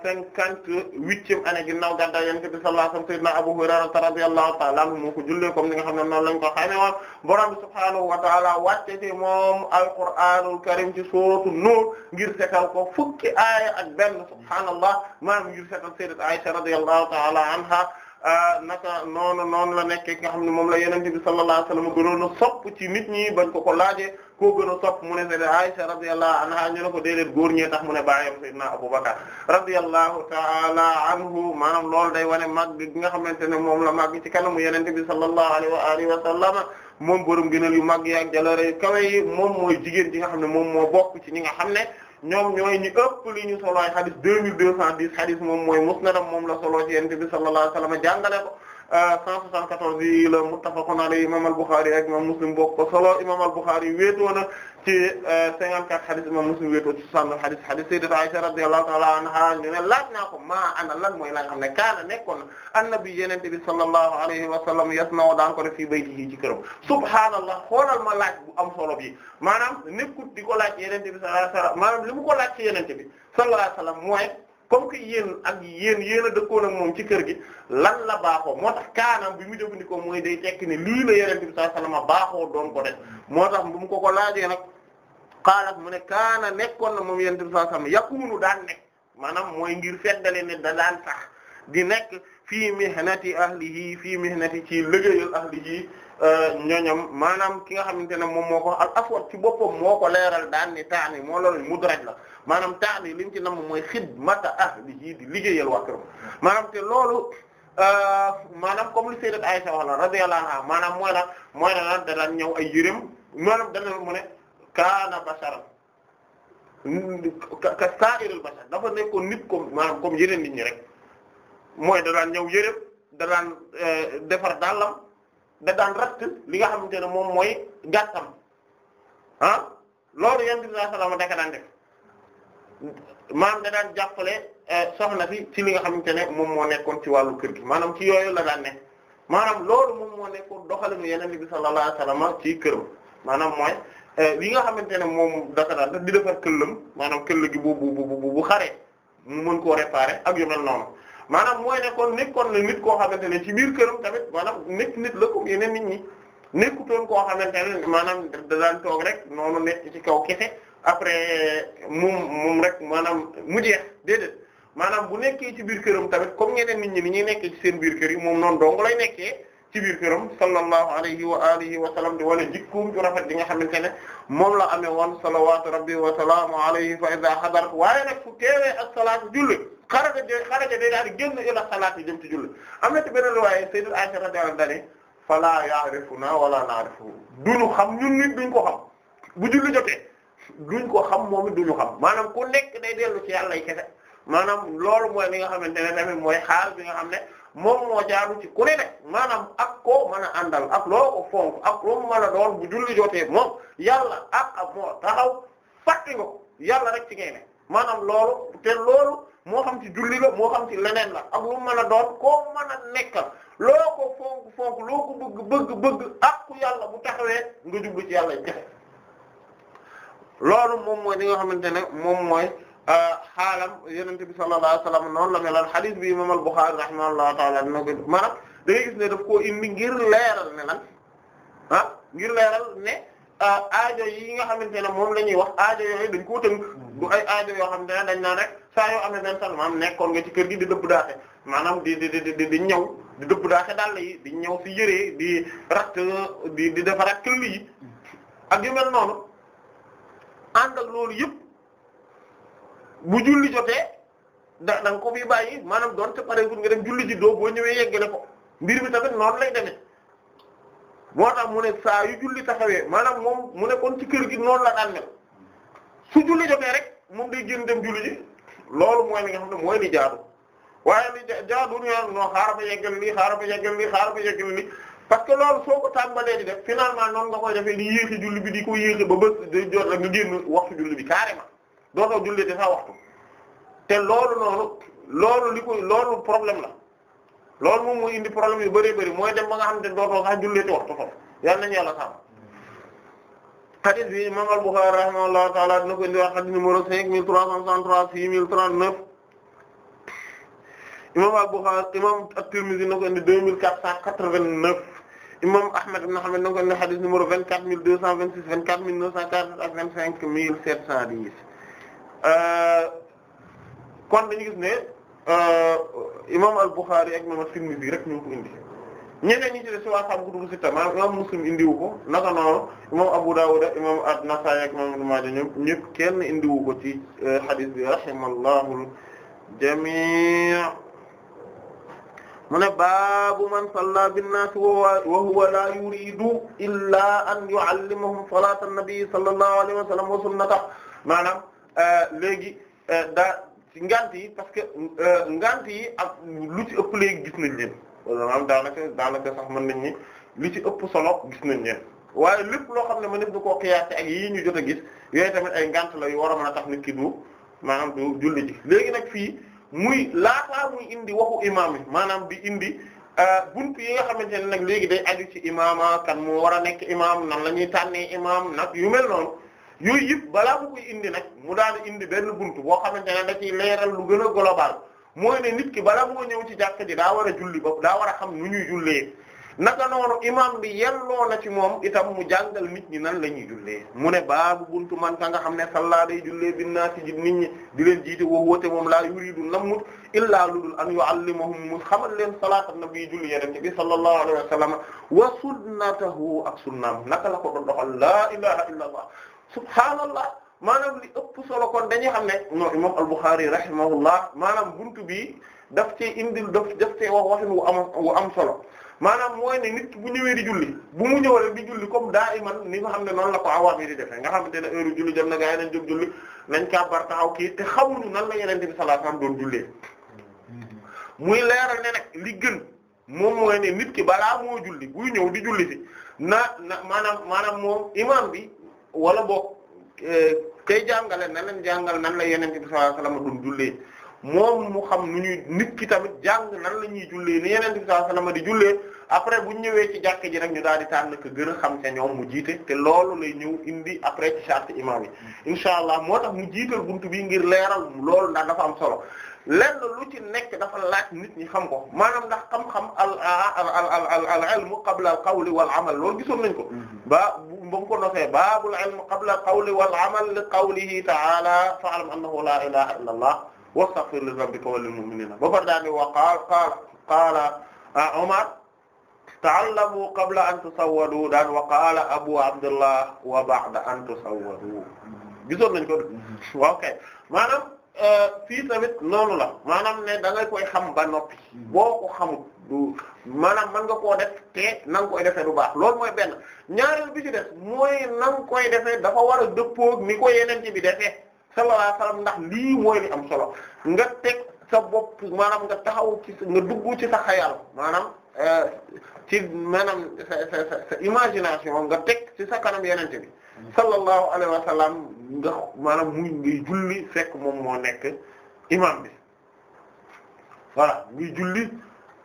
cinquante-huitième année ginnaaw gàddaay Yonent bi sallallahu alayhi wa Abu Hurayra radiyallahu ta'ala anhu moo ko jullee comme ni nga xam ne noonu lañ ko xamee woon borom bi subhaanahu wa ta'ala wàcce ci moom alqur'aanul karim ci suuratu Nuur ngir setal ko fukki aaya ak benn subhaanallah maanaam ngir setal sayyidat Aisha radiyallahu ta'ala anha Ah, naka noonu noonu la nekkee nga xam ne moom la yonent bi sallallahu alayhi wasallam gënoon a sopp ci nit ñi bañ ko ko laajee koo gën a sopp mu ne sayyida Aisha radiyallahu anha ñu ne ko déedéet góor ñee tax mu ne baayam sayyidina Abubakar radiyallahu ta'ala anhu maanaam lool day wane màgg gi nga xamante ne moom la màgg ci kanamu yonent bi sallallahu alayhi wa alihi wa sallam moom borom gënal yu màgg yaak jaloore yu kawe moom mooy jigéen ji nga xam ne moom moo bokk ci ñi nga xam ne ñoom ñooy ñu ëpp li ñu solo ay xadis deux mille deux cent dix xadis moom mooy musnadam moom la solo ci yonent bi sallallahu alayhi wasallam jàngale ko euh, cent soixante-quatorze yi la muttafaqun alayhi imam al-Bukhari ak imam Muslim bokk ko solo imam al-Bukhari wéetoo na ci 54 euh, xadis imam Muslim wéetoo ci 60 xadis xadis sayyidatu Aisha radiyallahu ta'ala anha ñu ne laaj naa ko maa ana lan mooy la nga ne kaana nekkoon annabi yenente bi sallallahu alayhi wa sallam yasna'u daan ko def fii baytihi ci këram subhaanallah bi maanaam nekkut di ko laaj yenente bi sallallahu alayhi wa ko laaj ci yenente bi sallallahu alayhi wa sallam mooy comme ak yéen yéen a dëkkoon ak moom ci kër gi lan la baaxoo moo tax bi mu jëfandikoo mooy day tekki ne lii la yenente bi sallallahu alayhi wa sallam baaxoo doon ko def moo tax mu ko ko laajee nag xaalat mu ne kaana nekkoon na moom yonent bi sallallahu daan nekk maanaam mooy ngir feddale ne da daan di nekk fii mihnati ahlihi fii mihnati ci liggéeyal ahlihi euh, ñoñom maanaam ki nga xamante ne moom moo ko al aswad ci boppam moo ko leeral daan ni taani moo loolu mudraj la maanaam taani liñ ci namm mooy xidmata ahlihi di liggéeyal waa këram maanaam te loolu euh, maanaam comme li sayyidat Aisha wax la radiyallahu anha maanaam mooy la mooy la daan da daan ñëw ay yërëm maanaam dana kaana basharan ka sa'iril bashar dafa nekkoon nit comme maanaam comme yeneen nit ñi rek mooy da daan ñëw yërëb da eh, defar dàllam da ratt li nga xamante ne moom mooy gàttam ah loolu yonent bi sallallahu alayhi wasallam da daan def maanaam da jàppale eh, soxna fi ci li nga xamante ne moom moo nekkoon ci wàllu kër gi maanaam ci yooyu la daan nekk maanaam loolu moom moo nekkoon doxalinu yeneen bi sallallahu alayhi wasallam ci këram maanaam mooy. yi eh, nga xamante ne moom dafa daal di defar këllam maanaam këll gi bu bu bu bu xaree mu mën koo réparer ak yu mel noonu maanaam mooy ne nekkoon na nit koo xamante ne ci biir këram tamit maanaam nit la comme yeneen nit ñi nekkutoon koo xamante ne maanaam da daan toog rek noonu nekk ci kaw kese après mu moom rek maanaam mu jeex déedéet maanaam bu nekkee ci biir këram tamit comme ñeneen nit ñi ni ñuy nekkee ci seen biir kër yi moom noonu dong lay nekkee. ci biir këram sallallahu alayhi wa alihi wa sallam di wane jikkoom ju rafet di nga xamante ne moom la amee woon salawaatu rabbi wa salaamu alayhi fa iza hadarat waaye nag fu teewee a salaatu julli xaraja de xaraja day daal di génn a salaat yi jëm ci julli am na ci beneen riwaaya sayyidatu Aisha radiyallahu anha fala ya'rifuna wala na'rifu duñu xam ñun nit duñ ko xam bu julli jotee duñ ko xam moom it duñu xam maanaam ku nekk day dellu ci yàlla yi kese maanaam loolu mooy li nga xamante ne tamit mooy xaal bi nga xam moom moo jaaru ci ku ne nag maanaam ak ko mën a àndal ak loo ko fonk ak loo mën a doon bu julli jotee moom yàlla ak ak moo taxaw fàtte nga ko yàlla rek ci ngay ne maanaam loolu te loolu moo xam ci julli la moo xam ci leneen la ak lu man a doon koo mën a nekk loo ko fonk fonk loo ko bëgg bëgg bëgg ak ku yàlla bu taxawee nga jublu ci yàlla jafe loolu moom mooy li nga xamante ne moom mooy. xaalam yonent bi sallallahu alayhi wa sallam noonu la meloon hadith bi imam al-Bukhari rahimahullahu ta'ala dina ko maanaam da ngay gis ne daf koo indi ngir leeral ne lan ah, ngir leeral ne ah, aajo yi nga xamante ne moom la ñuy wax aajo yooyu dañ koo tënk du ay aajo yoo xamante ne dañ naan rek saa yoo amee vingt ans maanaam nekkoon nga ci kër gi di dëbb daaxe maanaam di di di di di ñëw daaxe dàll yi di ñëw si yëre di ratt di di defaraat këll yi ak yu mel noonu ànd ak loolu yëpp. bu julli jotee da da nga ko fi bàyyi maanaam doon te pare nga dem julli ji doo boo ñëwee yeggale ko mbir mi tamit noonu lay demee moo tax mu ne saa yu julli taxawee maanaam moom mu ne kon ci kër gi noonu la daan mel su julli jotee rek moom day génn dem julli ji loolu mooy li nga xam ne mooy li jaadu waaye li jaadu ñu naan non xaaral ma yeggal lii parce que loolu soo ko tàmbalee di def finalement noon nga koy defee di yéexi julli bi di ko yéexi ba bës day jot la nga génn bi carrément. dootoo julli te saa waxtu te loolu noonu loolu li ko loolu problème la loolu moom mooy indi problème yu bëree bëri mooy dem ba nga xam ne dootoo sax julli te waxtu foofu yal nañu yàlla sàmm. hadith bi imam al-Bukhari rahimahullahu ta'ala dina ko indi wax hadith numéro 5363 6039 imam al-Bukhari imam at-Tirmidhi dina ko indi 2489 imam Ahmad ibn Hanbal dina ko indi hadith numéro 24226 24940 Euh, kon dañu gis ne euh, imam al-Bukhari ak imam Tirmidhi rek ñoo ko indi ñeneen ñi ci des waa xam kutubu sitta maanaam imam Muslim indiwu ko naka noonu imam Abu Dawud imam an-Nasa'i ak imam Ibn Maaja ñoom ñëpp kenn indiwu ko ci euh, hadith bi rahimallahu jami' mu ne baabu man salla binnaasi wa huwa la yuridu illa an yu'allimahum salata an-nabi sallallahu alayhi wa sallam wa sunnatahu maanaam Euh, léegi euh, daa ngant yi parce que euh, ngant yi ak lu ci ëpp léegi gis nañ leen maanaam daanaka daanaka sax mën nañ ni lu ci ëpp solo gis nañ leen waaye lépp loo xam ne ma nef du koo xiyaate ak ñu jot a gis yooyu tamit ay ngant la yu war a mën a tax nit ki du maanam du julli ji léegi nag fii muy laataa muy indi waxu imaam yi maanaam bi indi buntu yi nga xamante ne nag léegi day aju ci imaama ah, kan moo war a nekk imaam nan la ñuy tànnee imaam nag yu mel noonu yooyu yëpp balaa mu koy indi nag mu daal di indi benn buntu boo xamante ne da ciy leeral lu gën a global mooy ne nit ki balaa moo ñëw ci jàkka ji daa war a julli ba daa war a xam nu ñuy jullee naka noonu imaam bi yelloo na ci moom itam mu jàngal nit ñi nan la ñuy jullee mu ne baabu buntu man ka nga xam ne sallaa day jullee binnaasi ji nit ñi di leen jiite woo woote moom laa yuridu namut illa ludul an yuallimahum mu xamal leen salaata nabi julli yenente bi sallallahu alayhi wa sallam wa sunnatahu ak sunnaam naka la ko doon doxal laa ilaha illa subhaanallah maanaam li ëpp solo kon dañuy xam ne non imam al-Bukhari rahimahullah maanaam buntu bi daf cee indil daf daf cee wax waxin wu am am solo maanaam mooy ne nit bu ñëwee di julli bu mu ñëw rek di julli comme daa iman ni nga xam ne noonu la ko awaam yi di defee nga xamante ne heure julli jëm na gaa yi nañ jóg julli nañ kaa bar nan la yeneen bi sallallahu alayhi wasallam doon jullee muy leeral ne nag li gën moom mooy nit ki balaa moo julli bu ñëw di julli si na na maanaam maanaam moom imaam bi wala boog euh, kay jàngale na leen jàngal nan la yeneen bi sallallahu alayhi wasallam doon jullee moom mu xam nu ñuy nit ki tamit jàng nan la ñuy jullee ni yeneen bi sallallahu la ma di jullee après bu ñëwee ci jàkk ji rek ñu daal di tànn ko gër a xam ca ñoom mu jiite te loolu lay ñëw indi après ci charte imam yi insha allah moo tax mu jiital buntu bi ngir leeral loolu ndax dafa am solo lenn lu ci nekk dafa laaj nit ñi xam ko maanaam ndax xam-xam al al al al al ilmu qabla al qawli wal amal loolu gisoon nañ ko. Mhm. ba ba mu ko noxee baabul ilmu qabla al qawli wal amal li qawlihi ta'ala fa'lam annahu la ilaha illa allah wastaghfir li rabbika wa lil mu'minina ba pare daal di wax qaala qaala Omar. ta'allamu qabla an tusawwadu daan wa qaala abu abdullah wa ba'da an tusawwadu mhm. gisoon nañ ko. Mhm. waaw kay maanaam. Euh, fii tamit noonu la maanaam ne da koy xam ba noppi boo ko xamul du maanaam mën nga koo def te nang koy defee du baax lool mooy benn ñaareel bi ci def mooy na nga koy defee dafa war a dëppoog ni ko yeneen ci bi defee sallallahu alayhi ndax lii mooy li am solo nga teg sa bopp maanaam nga taxaw ci nga dugg ci sa xayal maanaam euh, ci maanaam sa imagination nga teg ci sa kanam yeneen bi sallallahu alayhi wa sallam nga maanaam muy ngay julli fekk moom moo nekk imam bi voilà ngay julli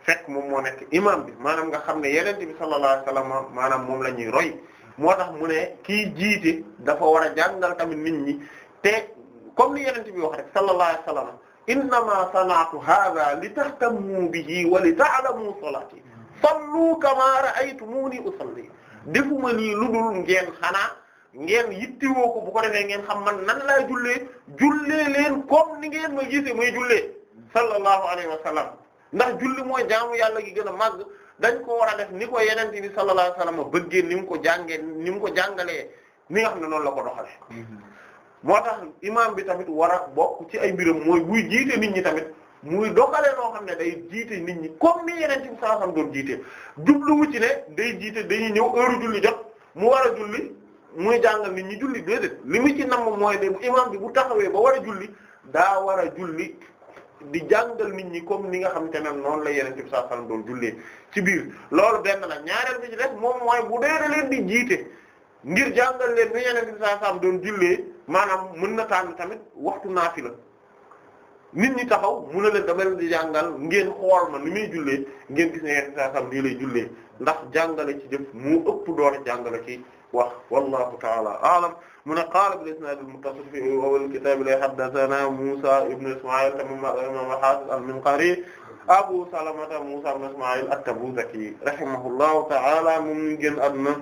fekk moom moo nekk imam bi maanaam nga xam ne yenente bi sallallahu alayhi wa sallam maanaam moom la ñuy roy moo tax mu ne kii jiite dafa war a jàngal tamit nit ñi te comme ni yenente bi wax rek sallallahu alayhi wa sallam innama sana'tu hadha li tahtammu bihi wa li ta'lamu salati sallu kama ra'aytumuni usalli defuma nii lu dul ngeen xanaa ngeen yittewoo ko bu ko defee ngeen xam man nan laay jullee jullee leen comme ni ngeen ma gisee mooy jullee sallallahu alayhi wa ndax julli mooy jaamu yàlla gi gën a màgg dañ ko war a def ni ko yeneen bi sallallahu alayhi wa sallam bëggee ni mu ko jàngee ni mu ko jàngalee ni nga xam ne noonu la ko doxalee. Mm-hmm. moo tax imaam bi tamit war a bokk ci ay mbiram mooy buy jiite nit ñi tamit muy doxalee loo xam ne day jiite nit ñi comme ni yeneen bi sallallahu alayhi wa sallam doon jiite jubluwu ci ne day jiite dañuy ñëw heure julli jot mu war a julli. muy jàngal nit ñi julli déedéet li mu ci namm mooy ne bu imam bi bu taxawee ba war a julli daa war a julli di jàngal nit ñi comme ni nga xam te ne noonu la yeneen bi doon jullee ci biir loolu benn la ñaareel bi ci def moom bu dee da leen jiite ngir jàngal leen doon jullee maanaam mën na tànn tamit waxtu naa fi la nit ñi taxaw mu ne leen dama leen di jàngal ngeen xool ma ni muy jullee ngeen gis ne yeneen bi sallallahu alayhi wasallam lii lay jullee ndax jàngale ci jëf mu ëpp doole jàngale ci wax wallahu ta'ala a'lam mu ne qaala bil-isnaad al-muttasil fi awwal kitaab li haddathanaa Muusaa ibn Ismaa'iil imaam al-haafiz al-Minqari Abu Salamata Muusaa ibn Ismaa'iil at-Tabuudhaki rahimahullahu ta'ala mu ngi génn àdduna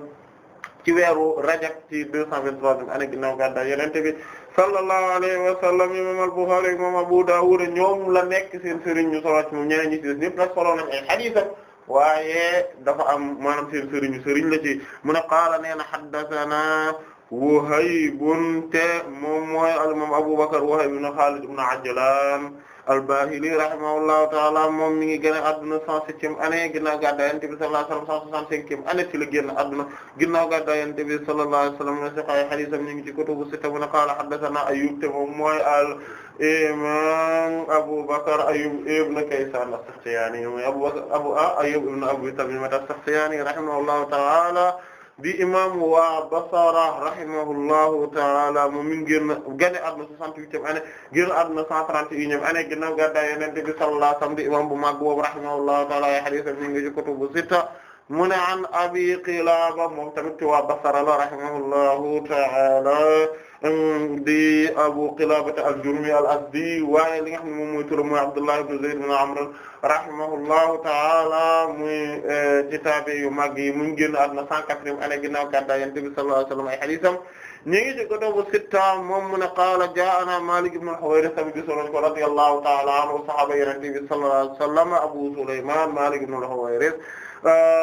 ci weeru Rajab ci deux cent vingt-troisième année ginnaaw gàddaay Yonent bi sallallahu alayhi wa sallam imam al-Bukhari imam Abu Dawud ñoom la nekk seen sëriñ ñu solo ci moom ñeneen ñi ci des ñëpp nag solo nañ ay hadiisam waaye dafa am maanaam seen sëriñu sëriñ la ci mu ne qaala nee na haddathana Wuhaybun te moom mooy al-imam Abu Bakr Wahib ibn Khalid ibn Ajlan al-Bahili rahimahullahu ta'ala moom mi ngi génn adduna 107e année ginnaaw gàddaay Yonent bi sallallahu alayhi wa sallam 165e année ci la génn adduna ginnaaw gàddaay Yonent bi sallallahu alayhi wa sallam na siqaay hadiisam ñu ngi ci kutubu sitta mu ne qaala haddathanaa Ayyuub te moom mooy al-imaam Abu Bakr Ayyuub ibn Kaysaan as-Sakhtiyaani mooy Abu Bakr Abu ah, Ayyuub ibn Abi Tamiima as-Sakhtiyaani rahimahullahu ta'ala di imam waa Basra rahimahullahu taala moom mi ngi génn génne àdduna 68e année génn àdduna 131e année ginnaaw gàddaay Yonent bi sallallahu alayhi wa sallam di imam bu mag boobu rahimahullahu taala ay hadiis mi ngi ci kutubu sitta mu ne an Abi Qilaaba moom tamit waa Basra la rahimahullahu taala di Abu Qilabata al-Jurmi al-Azdi waaye li nga xam ne moom mooy turam mooy Abdullah ibn Zayd ibn Amr rahimahullahu ta'ala muy eh, ci taabi yu mag yi mu ngi génn àdduna 104e année ginnaaw gàddaay Yonent bi sallallahu alayhi wa sallam ay hadiisam ñu ngi ci kutubu sitta moom mu ne qaala jaa'anaa Maalik ibn al-Huwayrith ko radiyallahu ta'ala anhu sahaaba Yonent bi sallallahu alayhi wa sallam Abu Sulaymaan Maalik ibn al-Huwayrith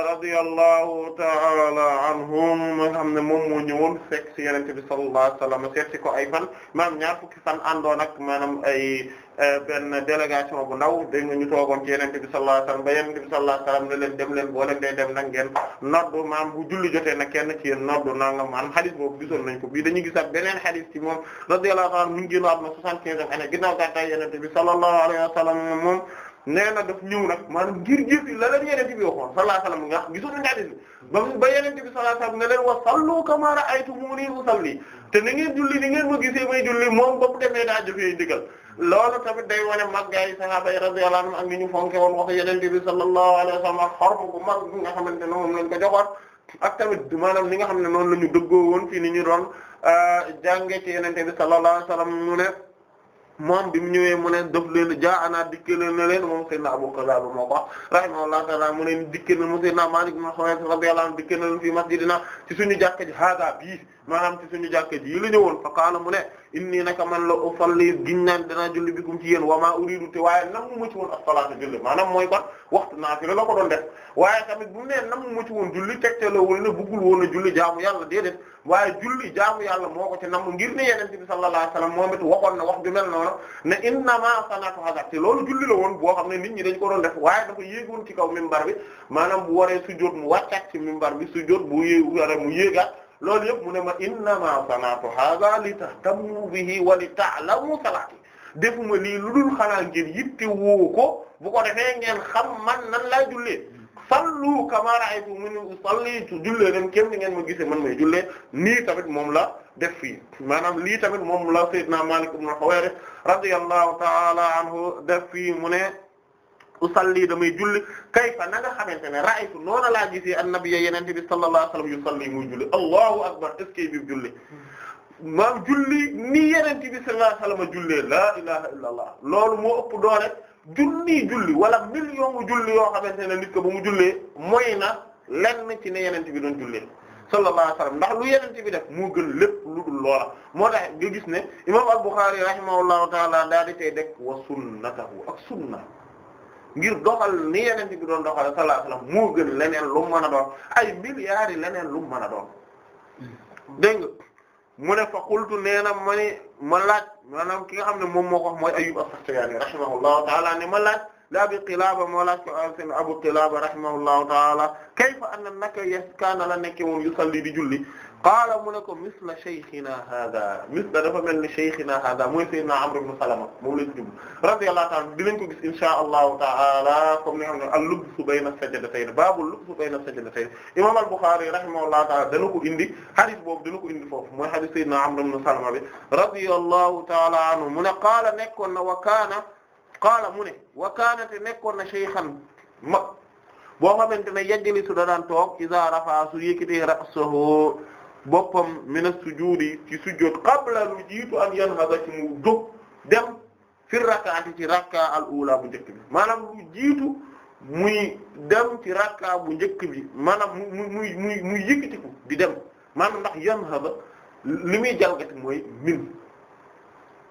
radiyallahu ta'ala anhum ma nga xam ne moom moo ñëwoon fekk ci Yonent bi sallallahu alayhi wa sallam seet ci ko ay fan maam ñaar fukki fan àndoon ak maanaam ay euh, benn délégation bu ndaw dégg nga ñu toogoon ci Yonent bi sallallahu alayhi ba Yonent bi sallallahu alayhi wa sallam ne leen dem leen boo leen day dem nag ngeen noddu maam bu julli jotee kenn ci yéen noddu naa nga maanaam hadith boobu gisoon nañ ko bii dañuy gisaat beneen hadith ci moom radiyallahu ta'ala anhu mu ngi génn àdduna 75 ans ginnaaw gàddaay Yonent bi sallallahu alayhi wa sallam nee na daf ñëw nag maanaam ngir jëf la leen yeneen bi waxoon sallallahu alayhi wasallam nga xam gisoon nga hadith ba ba yeneen bi sallallahu alayhi wasallam nga leen wax sallu kama ra'aytumuni usalli te ni ngeen julli ni ngeen ma gisee may julli moom ba mu demee daa jëfee ndigal loolu tamit day wane màggaayu sahaaba yi radiyallahu anhum ak ni ñu fonke woon wax yeneen bi sallallahu alayhi wasallam ak xorm bu mag bi nga xamante ne moom lañ li nga xam ne noonu la ñu dëggoo woon fii ni ñu doon euh, jànge ci yeneen bi sallallahu alayhi wasallam mu moom bi mu ñëwee mu leen def leen jaa ana dikke leen na leen moom Seydina Abu Qilaba moo ko wax rahimahullahu ta'ala mu leen dikke na mu Seydina Malik ibn Khuwaylid radiyallahu anhu dikke na leen fii masjidina ci suñu jàkka ji hada bii maanaam ci suñu jàkka ji yi la ñëwoon fa qaala mu ne inni naka man la usalli ginnaan danaa julli bikum ci yéen wa maa uridu te waaye nam mu ci woon as-salaatu julli maanaam mooy kon waxtu naafila la ko doon def waaye mu nee nam mu ci woon julli tegtalawul ne bëggul woon a julli jaamu yàlla déedéet waaye julli jaamu yàlla moo ko ci nam ngir ne yonent bi sallallahu alayhi wasallam moom it waxoon na wax ju mel noonu ne innamaa sanaatu hadaa te loolu julli la woon boo xam ne nit ñi dañ ko doon def waaye dafa yéegoon ci kaw minbar bi maanaam bu waree sujjóot mu wàccaat ci minbar bi sujjóot bu yé waree mu yéegaat loolu yëpp mu ne ma innama sanatu hadha li tahtamu bihi wa li ta'lamu salati defuma lii lu dul xanaa ngeen yitte woo ko bu ko defee ngeen xam man nan laa jullee sallu kama ra'aytu mun usalli su jullee dem kenn ngeen ma gisee man may jullee nii tamit moom la def fii maanaam lii tamit moom la sayyidna Malik ibn Huwayrith radiyallahu ta'ala anhu def fii mu ne usalli damay julli kayfa na nga xamante ne ra'aytu noona laa gisee annabiyya yenente bi sallallahu alayhi wasallam yusalli muy julli allahu akbar est-ce que bi julli maam julli ni yenente bi sallallahu alayhi wasallam jullee laa ilaha illa allah loolu moo ëpp doole junni julli wala million mu julli yoo xamante ne nit ko ba mu jullee mooy na lenn ci ne yenente bi doon jullee sallallahu alayhi wasallam ndax lu yenente bi def moo gën lépp lu dul loola moo tax nga gis ne imam al-Bukhari rahimahullahu taala daal di tay deg wa sunnatahu ak sunna ngir doxal ni yeneen bi doon doxal sallallahu alayhi wasallam moo gën leneen lu a doon ay milliards yi leneen lu mën a doon dégg nga mu ne fa qultu nee na ma ni ma laaj ki nga xam ne moom moo ko wax mooy Ayyub as taala ne ma laaj li Abi Qilaaba ma laaj ko seen Abu Qilaaba rahimahullahu taala kayfa anna yes kaana la nekke woon yusalli di julli qaala mu ne ko misla sheykhina hada misla dafa mel ni sheykhina hada mooy sayyidina Amr ibn Salama moom lañ jub radiyallahu ta'ala dinañ ko gis inshaa allahu taala comme ni nga xam ne al-lubsu bayna sajdatayn baabul lubsu bayna sajdatayn imam al-Bukhari rahimahullahu taala dana ko indi hadith boobu dana ko indi foofu mooy hadith sayyidina Amr ibn Salama bi radiyallahu taala anhu mu ne qaala nekkoon na wa kaana qaala mu ne wa kaana te nekkoon na shaykhan mag boo xamante ne yajlisu da daan toog iza rafa su yëkkati ra'sahu boppam mina sujuudi ci sujjóot qabla lu jiitu an yanhada ci mu jóg dem fi rakkaati ci rakka al ula bu njëkk bi maanaam lu jiitu muy dem ci rakka bu njëkk bi maanaam mu muy muy muy yëkkatiku di dem maanaam ndax yanhada li muy jalgati mooy min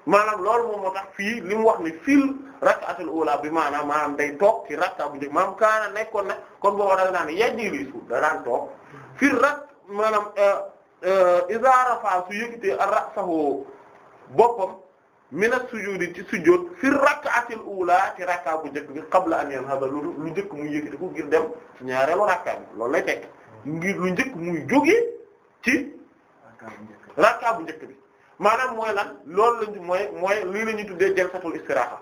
maanaam loolu moom moo tax fii li mu wax ni fil rak'atul ula bi maanaam maanaam day toog ci rakka bu njëkk maanaam kaana nekkoon na kon boo waral naa ne yajlisu da daan toog fil rak maanaam. Euh, Euh, iza rafa su yëkkatee ar-ra'sahu boppam mina sujuudi ci sujood fi rak'atil ula ci rakka bu njëkk bi qabla an yanhada lu lu njëkk muy yëkkati ko ngir dem ci ñaareelu rakka bi loolu lay tekk ngir lu njëkk muy jóge ci rakka bu njëkk bi maanaam mooy lan loolu lañu mooy mooy lii la ñuy tuddee jalsatul istiraha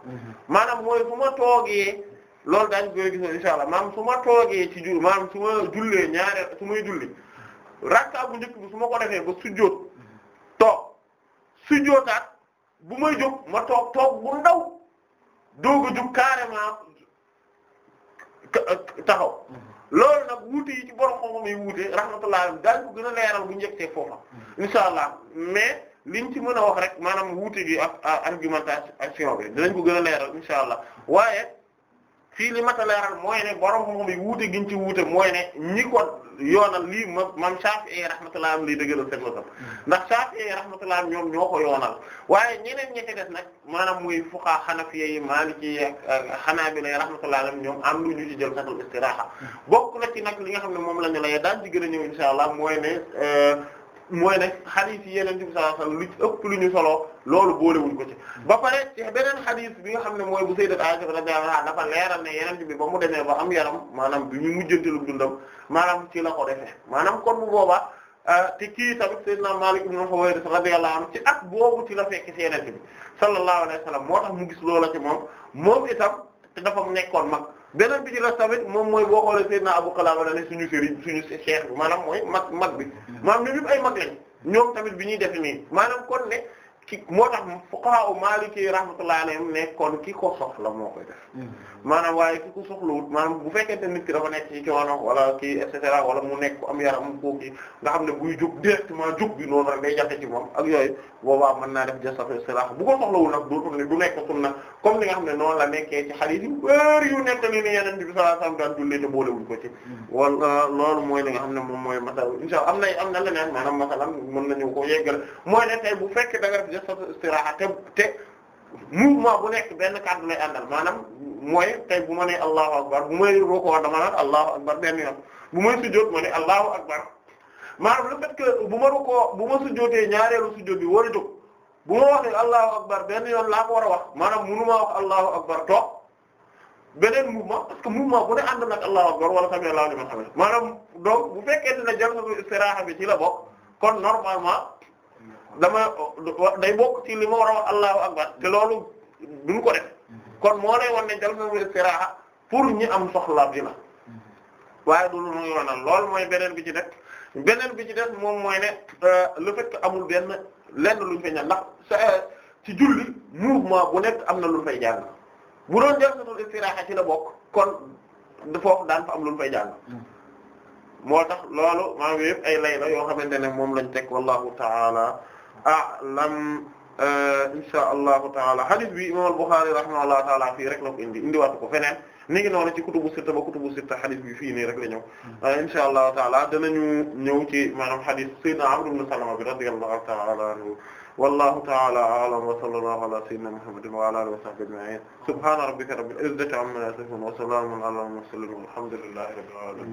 mooy fu ma toogee loolu daañu koy gis insha Allah su ma toogee ci jur maanaam su ma jullee ñaareel su may julli rakka bu njëkk bi su ma ko defee ba sujjóot toog sujjóotaat bu may jóg ma toog toog bu ndaw doog a jóg carrément taxaw loolu nag wuute yi ci borom xam-xam yi wuute rahmatullahi alayhi daal ku gën a leeral bu njëkkee foofa insha allah mais liñ ci mën a wax rek maanaam wuute gi ak argumentation bi dinañ ko gën a leeral insha allah waaye fii li mat a leeral mooy ne borom xam-xam yi wuute giñ ci wuute mooy ne yoonal lii moom moom Shafi'i rahmatullah am lii dëgëral seen masal mm. ndax Shafi'i rahmatullah am ñoom ñoo ko yoonal waaye ñeneen ñi ci des nag maanaam muy fuqaha Hanafiyya yi Maliki yi Hanabila rahmatullah am ñoom am lu ñu ci jël satul istiraaha mm. bokk na ci nag li nga xam ne moom la ñu lay daal di gën a ñëw insha Allah mooy ne euh, mooy ne xadis yi yeneen bi sallallahu alayhi ëpp lu ñu soloo loolu boolewuñ ko ci ba pare ci beneen xadis bi nga xam ne mooy bu sayyidat Aisha radhiyallahu anha dafa leeral ne yeneen bi ba mu am maanaam bi ñu mujjanteelu dundam maanaam ci la ko defee maanaam kon bu boobaa euh, te kii tamit sayyidna Malik ibn Huwayrith radhiyallahu anhu ci at boobu ci la fekk ci yeneen bi sallallahu alayhi wasallam moo tax mu gis loola ci moom moom itam te dafa nekkoon mag beneen bi ci des tamit moom mooy boo xoolee Seydina Abu Qilaba la ne suñu sëriñ suñu cheikh bi maanaam mooy mag mag bi mm. maanaam ñun ñëpp ay mag lañ ñoom tamit bi ñuy def nii maanaam kon ne. ki moo tax fuqaha u Maliki rahmatullahi alayhim nekkoon ki ko soxla moo koy def mm. maanaam waaye ki ko soxlawut maanaam bu fekkente nit ki dafa nekk ci coono wala kii et cetera wala mu nekk am yaram koo kii nga xam ne buy jóg directement jóg bi noonu rek day jafe ci moom ak yooyu boobaa mën naa def jasatu bu ko soxlawul nag dootul ne du sunna comme ni nga xam ne noonu la nekkee ci hadith yu wër yu nekk ni ni yeneen bi sallallahu alayhi wasallam daan jullee te ko ci mm. wala euh, loolu mooy li nga xam ne moom mooy masal na am na leneen maanaam masalan mën ko jëfatu istiraaha te te mouvement bu nekk benn kàddu lay àndal maanaam mooy tey bu ma nee allahu akbar bu may rukkoo dama naan allahu akbar benn yoon bu may sujjóot ma ne allahu akbar maanaam le fait que bu ma rukkoo bu ma sujjóotee ñaareelu sujjóot bi war a bu ma waxee allahu akbar benn yoon laa ko war wax maanaam munu maa wax allahu akbar toog beneen mouvement parce que mouvement bu ne ànd nag allahu akbar wala sami allahu liman hamid maanaam donc bu fekkee dama day bokk ci li ma war a wax allahu akbar te loolu duñ ko def kon moo lay wan ne jalsatul istiraaha pour ñi am soxla bi la waaye du lu yoonal lool mooy beneen bi ci def beneen bi ci def moom mooy ne euh, le fait amul benn lenn luñ fay ci julli mouvement bu nekk am na lu fay jàng bu doon jalsatul istiraaha ci la bokk kon foofu daan fa am luñ fay jàng moo tax loolu maa ngi ay lay la yoo xamante ne moom lañ teg wallahu taala a'lam euh, insha allahu taala hadith bi imam al-Bukhari rahimahullahu taala fii rek la ko indi indiwaatu ko feneen ni ngi noonu ci kutubu sitta ba kutubu sitta hadith bi fii nii rek la ñëw hmm. euh, insha allahu taala danañu ñëw ci maanaam hadith sayyidina Amr ibn Salama bi radiyallahu taala anhu wallahu taala a'lam wa sallallahu ala sayyidina Muhammadin wa ala alihi wa sahbihi ajma'in subhana rabbika rabbil izzati amma yasifun wa salamun ala al-mursalin walhamdulillahi rabbil alamin